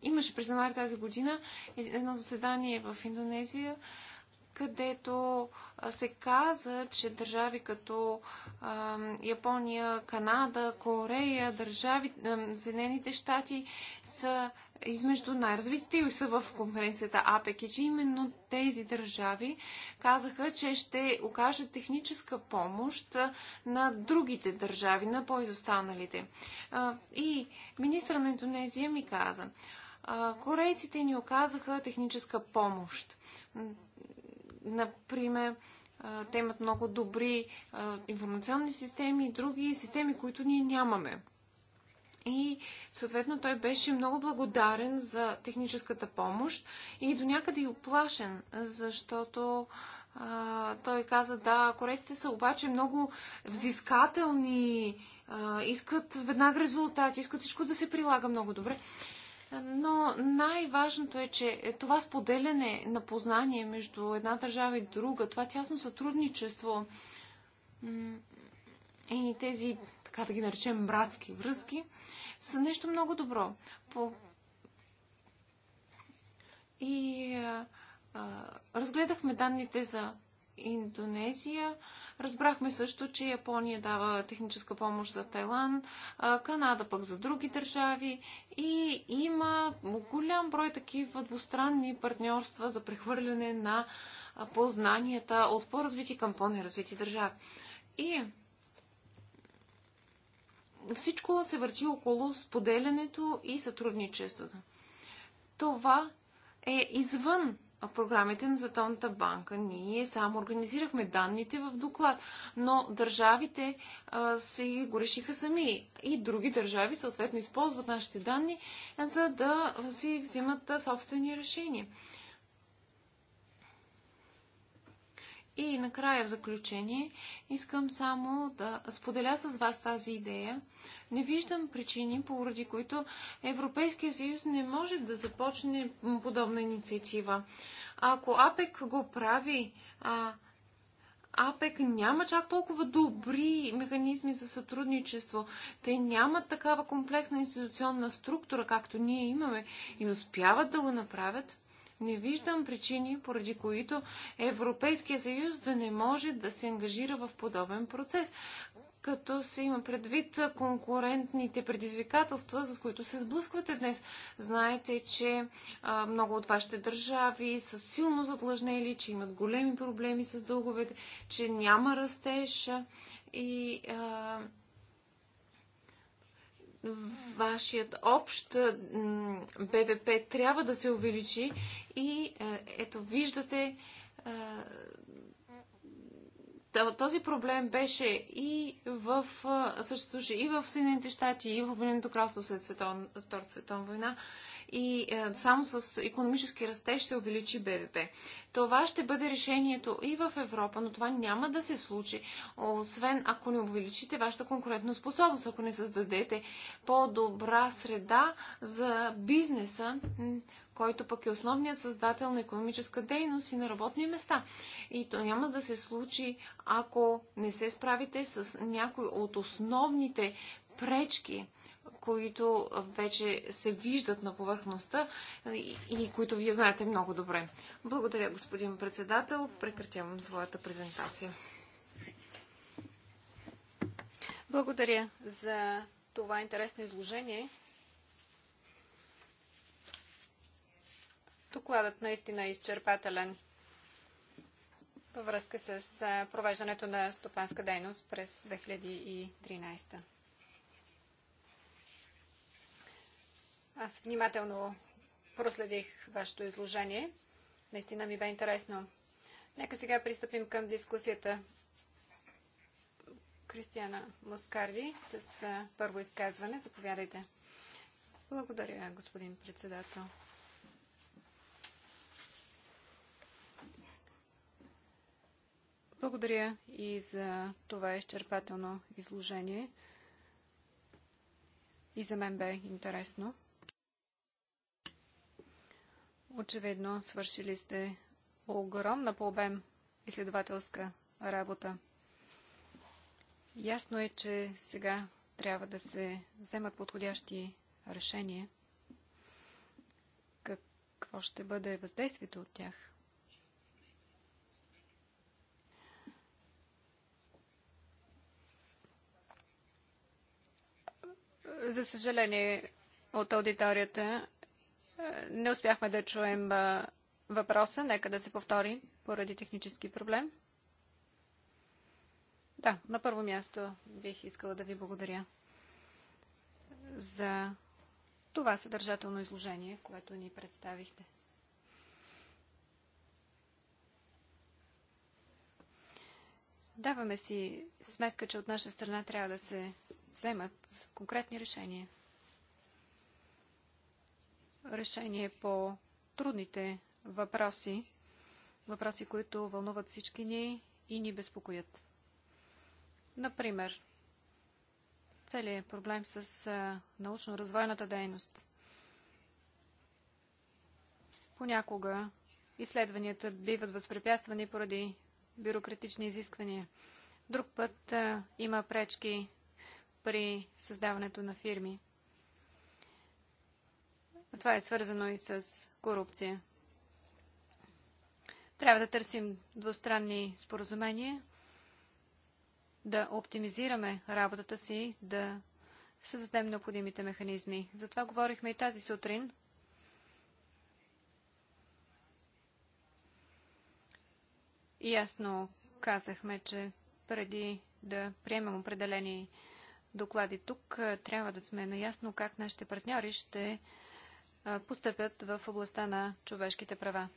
имаше през януари тази година едно заседание в Индонезия, където се каза, че държави като Япония, Канада, Корея, държави, а, Съединените щати са измежду най-развитите и са в конференцията АПЕК и че именно тези държави казаха, че ще окажат техническа помощ на другите държави, на по-изостаналите. И министра на Индонезия ми каза, корейците ни оказаха техническа помощ. Например, те имат много добри информационни системи и други системи, които ние нямаме. И съответно той беше много благодарен за техническата помощ и до някъде и оплашен, защото а, той каза, да, кореците са обаче много взискателни, а, искат веднага резултати, искат всичко да се прилага много добре. Но най-важното е, че това споделяне на познание между една държава и друга, това тясно сътрудничество и тези, така да ги наречем, братски връзки, са нещо много добро. По... И а, разгледахме данните за Индонезия. Разбрахме също, че Япония дава техническа помощ за Тайланд, Канада пък за други държави и има голям брой такива двустранни партньорства за прехвърляне на познанията от по-развити към по-неразвити държави. И всичко се върти около споделянето и сътрудничеството. Това е извън програмите на Световната банка. Ние само организирахме данните в доклад, но държавите се го решиха сами. И други държави съответно използват нашите данни, за да си взимат собствени решения. И накрая в заключение искам само да споделя с вас тази идея. Не виждам причини, поради които Европейския съюз не може да започне подобна инициатива. Ако АПЕК го прави, а, АПЕК няма чак толкова добри механизми за сътрудничество. Те нямат такава комплексна институционна структура, както ние имаме и успяват да го направят – не виждам причини, поради които Европейския съюз да не може да се ангажира в подобен процес, като се има предвид конкурентните предизвикателства, с които се сблъсквате днес. Знаете, че а, много от вашите държави са силно задлъжнели, че имат големи проблеми с дълговете, че няма растеж и а, вашият общ БВП трябва да се увеличи и е, ето виждате е, този проблем беше и в е, съществуваше и в Съединените щати, и в Обединеното кралство след Втората световна война и е, само с економически растеж ще увеличи БВП. Това ще бъде решението и в Европа, но това няма да се случи, освен ако не увеличите вашата конкурентна способност, ако не създадете по-добра среда за бизнеса, който пък е основният създател на економическа дейност и на работни места. И то няма да се случи, ако не се справите с някой от основните пречки които вече се виждат на повърхността и, и които вие знаете много добре. Благодаря, господин председател. Прекратявам своята презентация. Благодаря за това интересно изложение. Докладът наистина е изчерпателен във връзка с провеждането на стопанска дейност през 2013. Аз внимателно проследих вашето изложение. Наистина ми бе интересно. Нека сега пристъпим към дискусията. Кристиана Москарди с първо изказване. Заповядайте. Благодаря, господин председател. Благодаря и за това изчерпателно изложение. И за мен бе интересно. Очевидно, свършили сте огромна по обем изследователска работа. Ясно е, че сега трябва да се вземат подходящи решения. Какво ще бъде въздействието от тях? За съжаление, от аудиторията е, не успяхме да чуем е, въпроса. Нека да се повтори поради технически проблем. Да, на първо място бих искала да ви благодаря за това съдържателно изложение, което ни представихте. Даваме си сметка, че от наша страна трябва да се вземат конкретни решения решение по трудните въпроси, въпроси, които вълнуват всички ни и ни безпокоят. Например, целият е проблем с научно-развойната дейност. Понякога изследванията биват възпрепятствани поради бюрократични изисквания. Друг път а, има пречки при създаването на фирми това е свързано и с корупция. Трябва да търсим двустранни споразумения, да оптимизираме работата си, да създадем необходимите механизми. Затова говорихме и тази сутрин. И ясно казахме, че преди да приемем определени доклади тук, трябва да сме наясно как нашите партньори ще постъпят в областта на човешките права.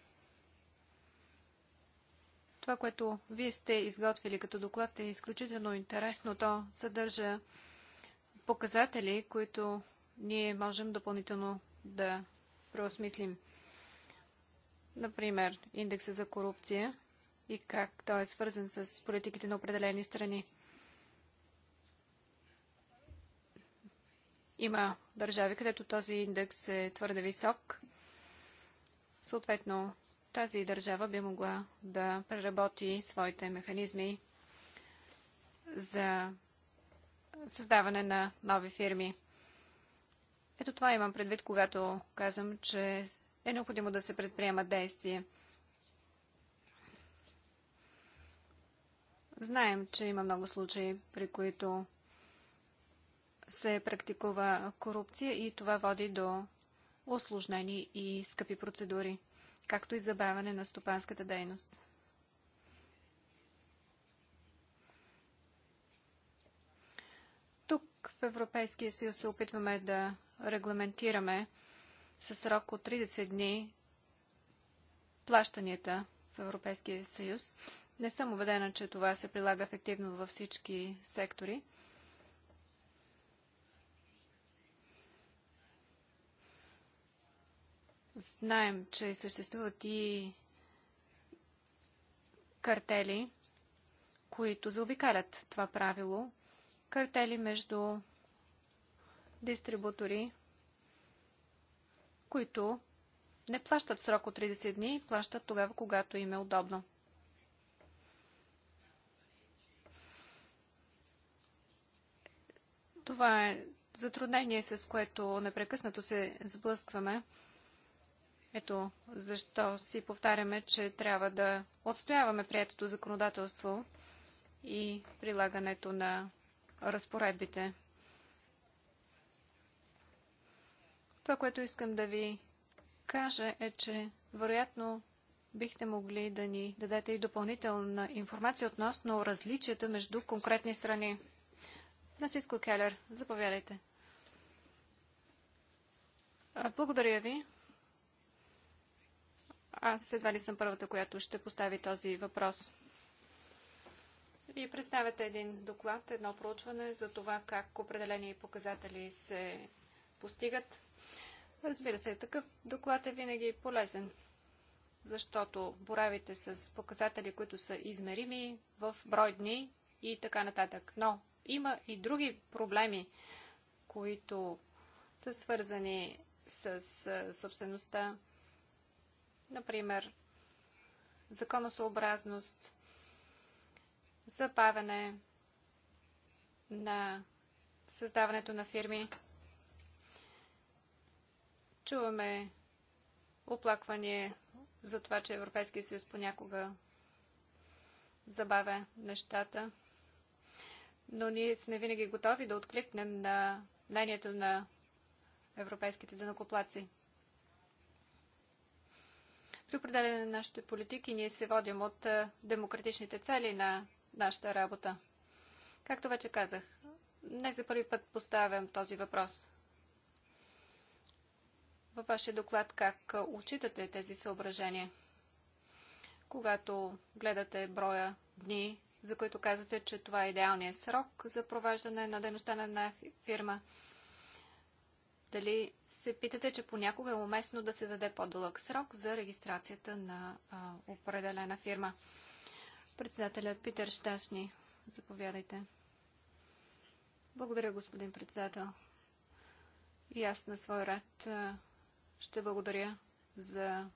Това, което вие сте изготвили като доклад е изключително интересно. То съдържа показатели, които ние можем допълнително да преосмислим. Например, индекса за корупция и как той е свързан с политиките на определени страни. Има държави, където този индекс е твърде висок. Съответно, тази държава би могла да преработи своите механизми за създаване на нови фирми. Ето това имам предвид, когато казвам, че е необходимо да се предприемат действия. Знаем, че има много случаи, при които се практикува корупция и това води до осложнени и скъпи процедури, както и забавяне на стопанската дейност. Тук в Европейския съюз се опитваме да регламентираме със срок от 30 дни плащанията в Европейския съюз. Не съм убедена, че това се прилага ефективно във всички сектори. Знаем, че съществуват и картели, които заобикалят това правило. Картели между дистрибутори, които не плащат в срок от 30 дни, плащат тогава, когато им е удобно. Това е затруднение, с което непрекъснато се сблъскваме ето защо си повтаряме, че трябва да отстояваме приятото законодателство и прилагането на разпоредбите. Това, което искам да ви кажа е, че вероятно бихте могли да ни дадете и допълнителна информация относно различията между конкретни страни. Насиско Келер, заповядайте. Благодаря ви. Аз едва ли съм първата, която ще постави този въпрос. Вие представяте един доклад, едно проучване за това как определени показатели се постигат. Разбира се, такъв доклад е винаги полезен, защото боравите с показатели, които са измерими в брой дни и така нататък. Но има и други проблеми, които са свързани с собствеността, Например, законосъобразност, забавяне на създаването на фирми. Чуваме оплакване за това, че Европейския съюз понякога забавя нещата. Но ние сме винаги готови да откликнем на мнението на европейските дънакоплаци. При определене на нашите политики ние се водим от демократичните цели на нашата работа. Както вече казах, не за първи път поставям този въпрос. Във вашия доклад как отчитате тези съображения? Когато гледате броя дни, за които казвате, че това е идеалният срок за провеждане на дейността на една фирма – дали се питате, че понякога е уместно да се даде по-дълъг срок за регистрацията на а, определена фирма? Председателя Питер Щашни, заповядайте. Благодаря, господин председател. И аз на свой ред ще благодаря за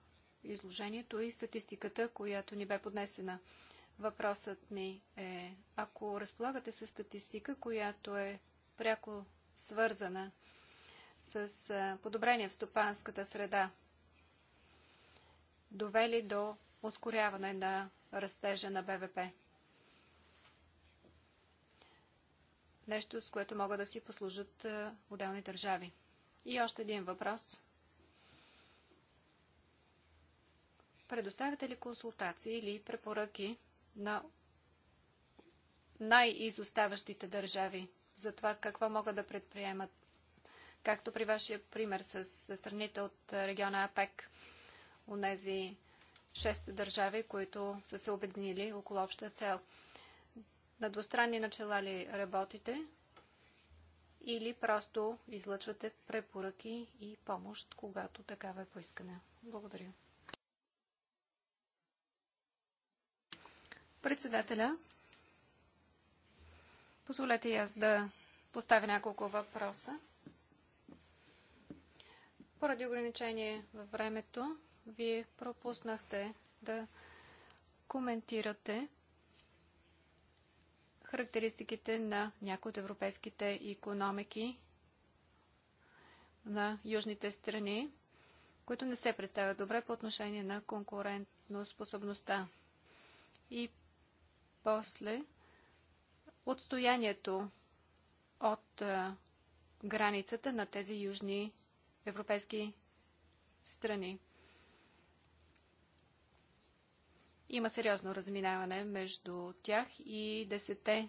изложението и статистиката, която ни бе поднесена. Въпросът ми е, ако разполагате с статистика, която е пряко свързана с с подобрение в стопанската среда, довели до ускоряване на растежа на БВП. Нещо, с което могат да си послужат отделни държави. И още един въпрос. Предоставяте ли консултации или препоръки на най-изоставащите държави за това какво могат да предприемат както при вашия пример с страните от региона АПЕК, нези шест държави, които са се обединили около обща цел. На двустранни начала ли работите или просто излъчвате препоръки и помощ, когато такава е поискана? Благодаря. Председателя, позволете и аз да поставя няколко въпроса. Поради ограничение във времето, вие пропуснахте да коментирате характеристиките на някои от европейските економики на южните страни, които не се представят добре по отношение на конкурентно способността. И после отстоянието от границата на тези южни европейски страни. Има сериозно разминаване между тях и десете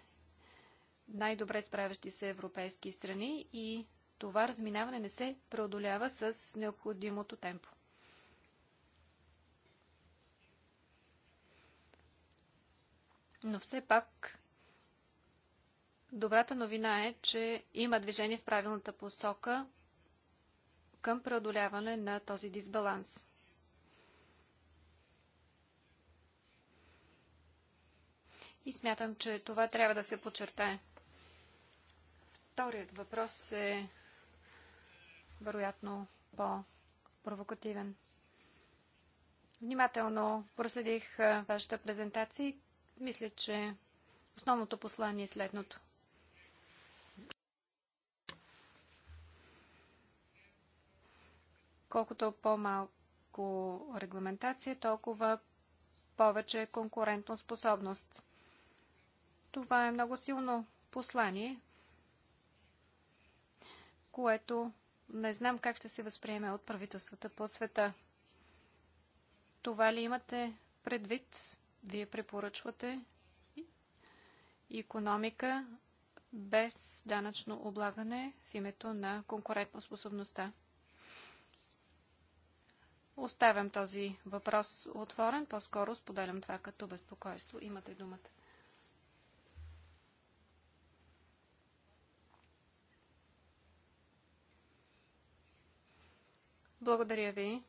най-добре справящи се европейски страни и това разминаване не се преодолява с необходимото темпо. Но все пак добрата новина е, че има движение в правилната посока – към преодоляване на този дисбаланс. И смятам, че това трябва да се подчертае. Вторият въпрос е вероятно по-провокативен. Внимателно проследих вашата презентация и мисля, че основното послание е следното – Колкото по-малко регламентация, толкова повече конкурентна способност. Това е много силно послание, което не знам как ще се възприеме от правителствата по света. Това ли имате предвид? Вие препоръчвате економика без данъчно облагане в името на конкурентоспособността. Оставям този въпрос отворен, по-скоро споделям това като безпокойство. Имате думата. Благодаря ви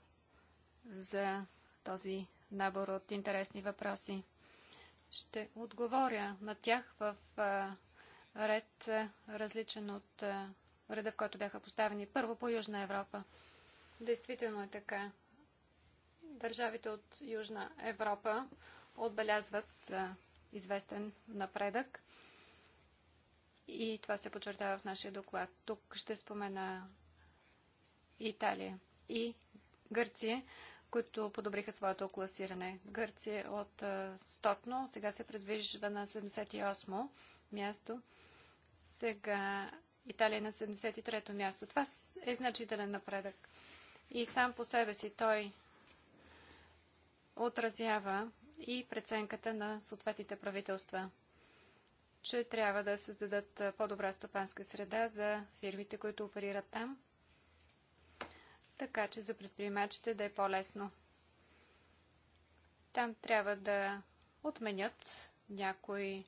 за този набор от интересни въпроси. Ще отговоря на тях в ред различен от реда, в който бяха поставени. Първо по Южна Европа. Действително е така държавите от Южна Европа отбелязват известен напредък и това се подчертава в нашия доклад. Тук ще спомена Италия и Гърция, които подобриха своето класиране. Гърция е от стотно, сега се предвижда на 78 място. Сега Италия е на 73-то място. Това е значителен напредък. И сам по себе си той отразява и преценката на съответните правителства, че трябва да създадат по-добра стопанска среда за фирмите, които оперират там, така че за предприемачите да е по-лесно. Там трябва да отменят някои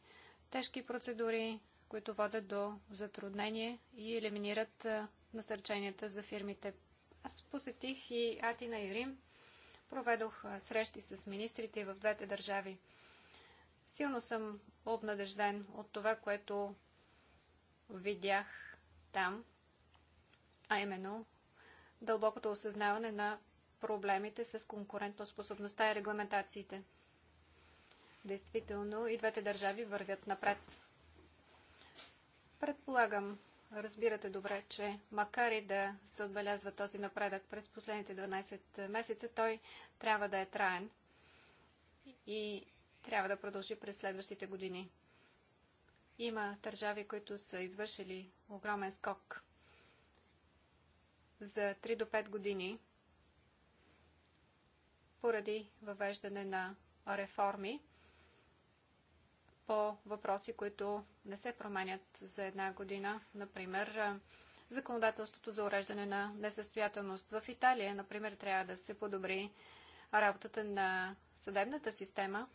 тежки процедури, които водят до затруднение и елиминират насърченията за фирмите. Аз посетих и Атина и Рим Проведох срещи с министрите в двете държави. Силно съм обнадежден от това, което видях там, а именно дълбокото осъзнаване на проблемите с конкурентоспособността и регламентациите. Действително и двете държави вървят напред. Предполагам, разбирате добре, че макар и да се отбелязва този напредък през последните 12 месеца, той трябва да е траен и трябва да продължи през следващите години. Има държави, които са извършили огромен скок за 3 до 5 години поради въвеждане на реформи по въпроси, които не се променят за една година. Например, законодателството за уреждане на несъстоятелност в Италия, например, трябва да се подобри работата на съдебната система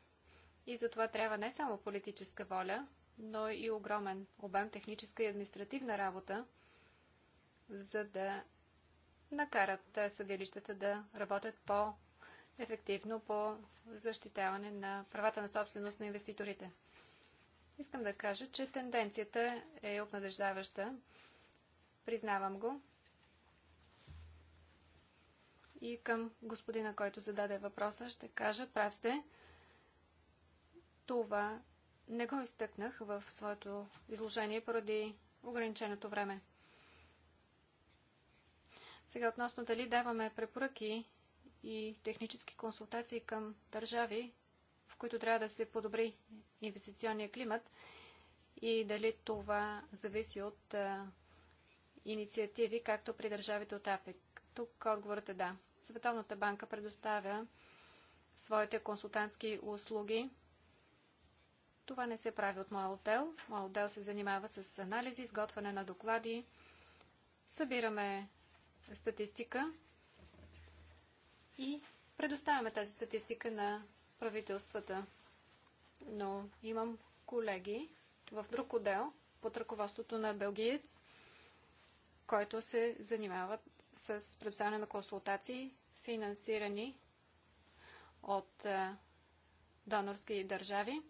и за това трябва не само политическа воля, но и огромен обем техническа и административна работа, за да накарат съдилищата да работят по-ефективно по защитаване на правата на собственост на инвеститорите. Искам да кажа, че тенденцията е обнадеждаваща. Признавам го. И към господина, който зададе въпроса, ще кажа, прав сте. Това не го изтъкнах в своето изложение поради ограниченото време. Сега относно дали даваме препоръки и технически консултации към държави, в които трябва да се подобри инвестиционния климат и дали това зависи от а, инициативи, както при държавите от АПЕК. Тук отговорът е да. Световната банка предоставя своите консултантски услуги. Това не се прави от моя отдел. Моя отдел се занимава с анализи, изготвяне на доклади. Събираме статистика и предоставяме тази статистика на правителствата. Но имам колеги в друг отдел под ръководството на белгиец, който се занимават с предоставяне на консултации, финансирани от е, донорски държави.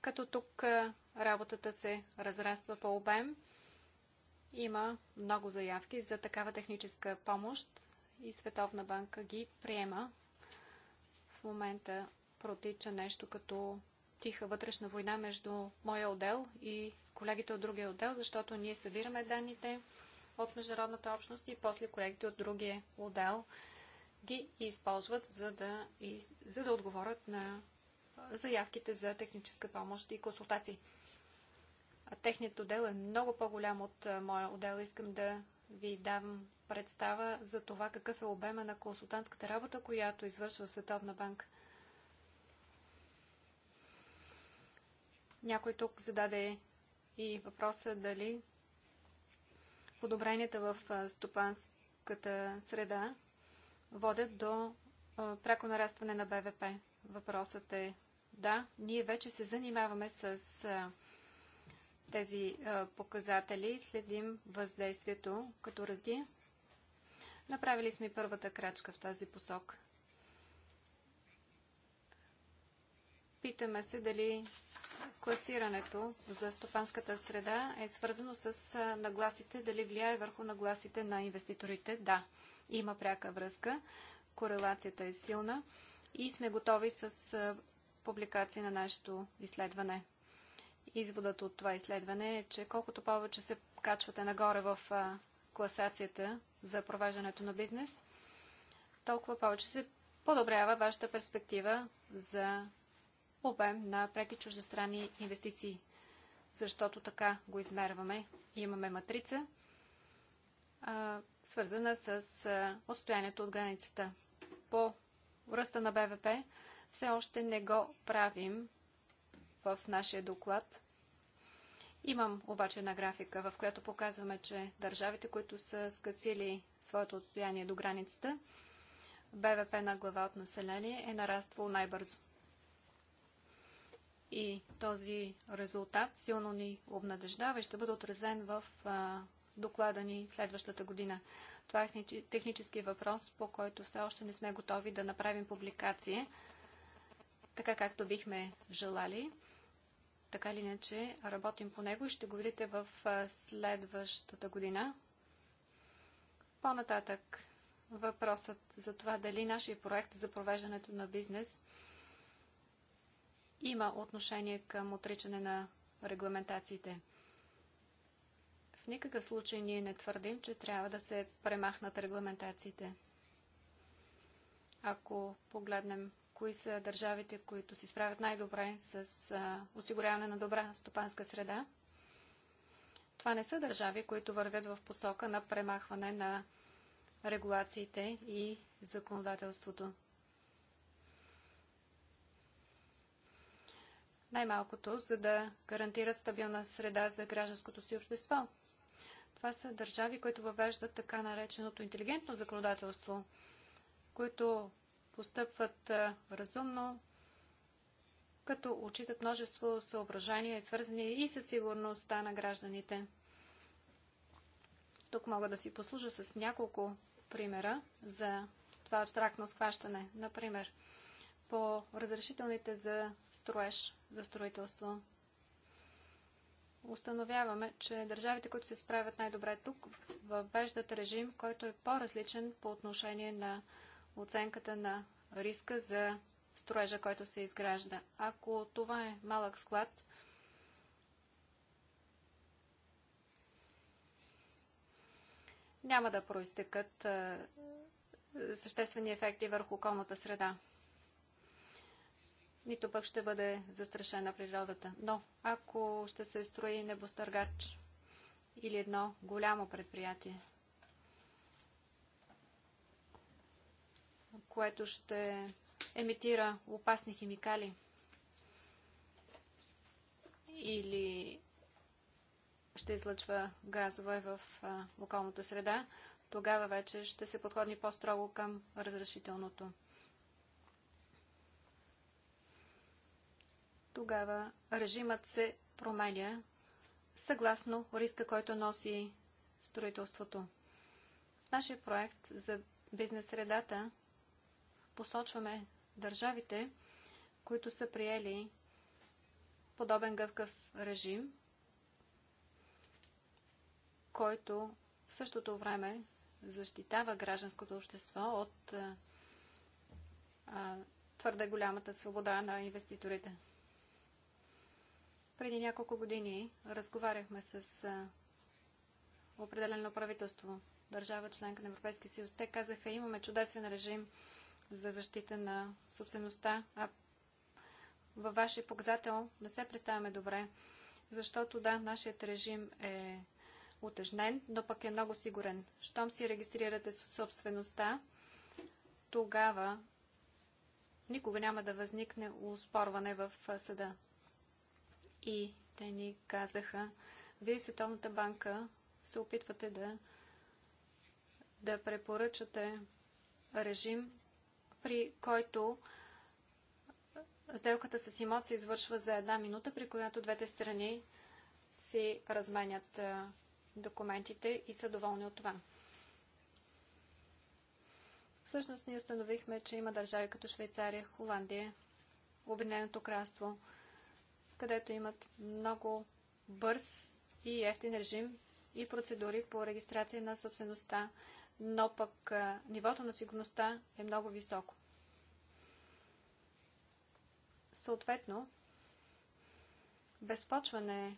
Като тук е, работата се разраства по обем, има много заявки за такава техническа помощ и Световна банка ги приема в момента протича нещо като тиха вътрешна война между моя отдел и колегите от другия отдел, защото ние събираме данните от международната общност и после колегите от другия отдел ги използват, за да, за да отговорят на заявките за техническа помощ и консултации. техният отдел е много по-голям от моя отдел. Искам да ви дам представа за това какъв е обема на консултантската работа, която извършва Световна банка. Някой тук зададе и въпроса дали подобренията в стопанската среда водят до пряко нарастване на БВП. Въпросът е да, ние вече се занимаваме с тези показатели, следим въздействието като разди. Направили сме първата крачка в тази посок. Питаме се дали класирането за стопанската среда е свързано с нагласите, дали влияе върху нагласите на инвеститорите. Да, има пряка връзка, корелацията е силна и сме готови с публикация на нашето изследване. Изводът от това изследване е, че колкото повече се качвате нагоре в класацията за провеждането на бизнес, толкова повече се подобрява вашата перспектива за обем на преки чуждестранни инвестиции, защото така го измерваме. Имаме матрица, свързана с отстоянието от границата. По ръста на БВП все още не го правим в нашия доклад. Имам обаче една графика, в която показваме, че държавите, които са скъсили своето отстояние до границата, БВП на глава от население е нараствал най-бързо. И този резултат силно ни обнадеждава и ще бъде отразен в доклада ни следващата година. Това е технически въпрос, по който все още не сме готови да направим публикация, така както бихме желали. Така или иначе, работим по него и ще го видите в следващата година. По-нататък въпросът за това дали нашия проект за провеждането на бизнес има отношение към отричане на регламентациите. В никакъв случай ние не твърдим, че трябва да се премахнат регламентациите. Ако погледнем кои са държавите, които се справят най-добре с а, осигуряване на добра стопанска среда. Това не са държави, които вървят в посока на премахване на регулациите и законодателството. Най-малкото, за да гарантират стабилна среда за гражданското си общество. Това са държави, които въвеждат така нареченото интелигентно законодателство, които постъпват разумно, като отчитат множество съображения, свързани и със сигурността на гражданите. Тук мога да си послужа с няколко примера за това абстрактно схващане. Например, по разрешителните за строеж, за строителство. Установяваме, че държавите, които се справят най-добре тук, въвеждат режим, който е по-различен по отношение на оценката на риска за строежа, който се изгражда. Ако това е малък склад, няма да проистекат съществени ефекти върху околната среда. Нито пък ще бъде застрашена природата. Но ако ще се строи небостъргач или едно голямо предприятие, което ще емитира опасни химикали или ще излъчва газове в околната среда, тогава вече ще се подходи по-строго към разрешителното. Тогава режимът се променя съгласно риска, който носи строителството. В нашия проект за бизнес средата посочваме държавите, които са приели подобен гъвкав режим, който в същото време защитава гражданското общество от твърде голямата свобода на инвеститорите. Преди няколко години разговаряхме с определено правителство, държава членка на Европейския съюз. Те казаха, имаме чудесен режим за защита на собствеността, а във вашия показател не се представяме добре, защото да, нашият режим е утежнен, но пък е много сигурен. Щом си регистрирате собствеността, тогава никога няма да възникне успорване в съда. И те ни казаха, вие в Световната банка се опитвате да, да препоръчате режим, при който сделката с имот се извършва за една минута, при която двете страни си разменят документите и са доволни от това. Всъщност ние установихме, че има държави като Швейцария, Холандия, Обединеното кралство, където имат много бърз и ефтин режим и процедури по регистрация на собствеността но пък нивото на сигурността е много високо. Съответно, безпочване е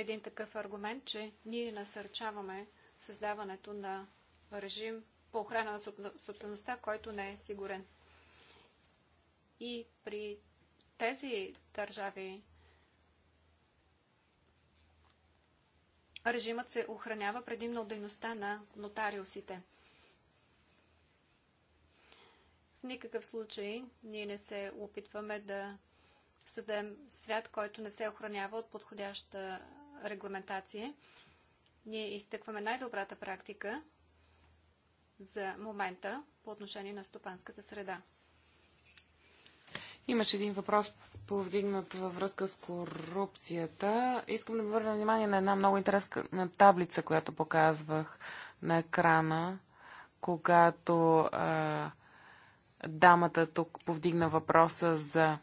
един такъв аргумент, че ние насърчаваме създаването на режим по охрана на собствеността, който не е сигурен. И при тези държави режимът се охранява предимно от дейността на нотариусите. В никакъв случай ние не се опитваме да съдем свят, който не се охранява от подходяща регламентация. Ние изтъкваме най-добрата практика за момента по отношение на стопанската среда. Имаше един въпрос повдигнато във връзка с корупцията, искам да върна внимание на една много интересна таблица, която показвах на екрана, когато а, дамата тук повдигна въпроса за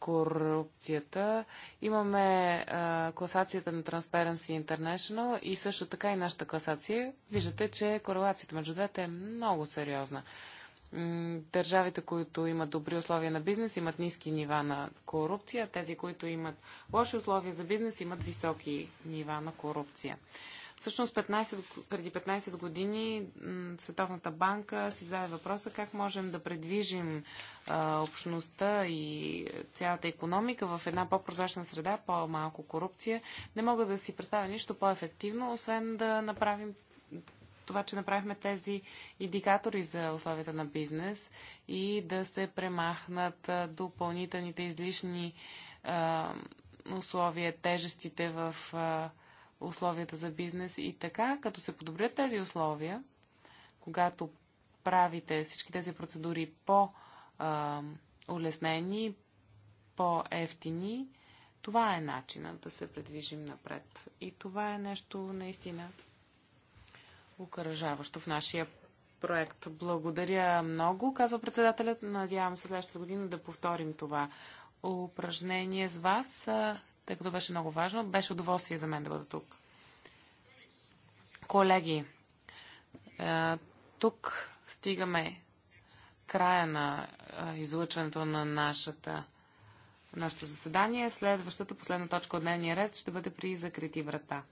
корупцията. Имаме а, класацията на Transparency International и също така и нашата класация. Виждате, че корелацията между двете е много сериозна държавите, които имат добри условия на бизнес, имат ниски нива на корупция, тези, които имат лоши условия за бизнес, имат високи нива на корупция. Всъщност 15, преди 15 години Световната банка си зададе въпроса как можем да предвижим а, общността и цялата економика в една по-прозрачна среда, по-малко корупция. Не мога да си представя нищо по-ефективно, освен да направим това, че направихме тези индикатори за условията на бизнес и да се премахнат допълнителните излишни а, условия, тежестите в а, условията за бизнес. И така, като се подобрят тези условия, когато правите всички тези процедури по-улеснени, по-ефтини, това е начинът да се предвижим напред. И това е нещо наистина окоръжаващо в нашия проект. Благодаря много, казва председателят. Надявам се следващата година да повторим това упражнение с вас, тъй като беше много важно. Беше удоволствие за мен да бъда тук. Колеги, тук стигаме края на излъчването на нашата нашето заседание. Следващата, последна точка от дневния ред ще бъде при закрити врата.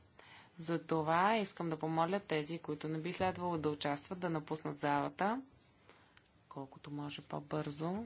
Затова искам да помоля тези, които не би следвало да участват, да напуснат залата колкото може по-бързо.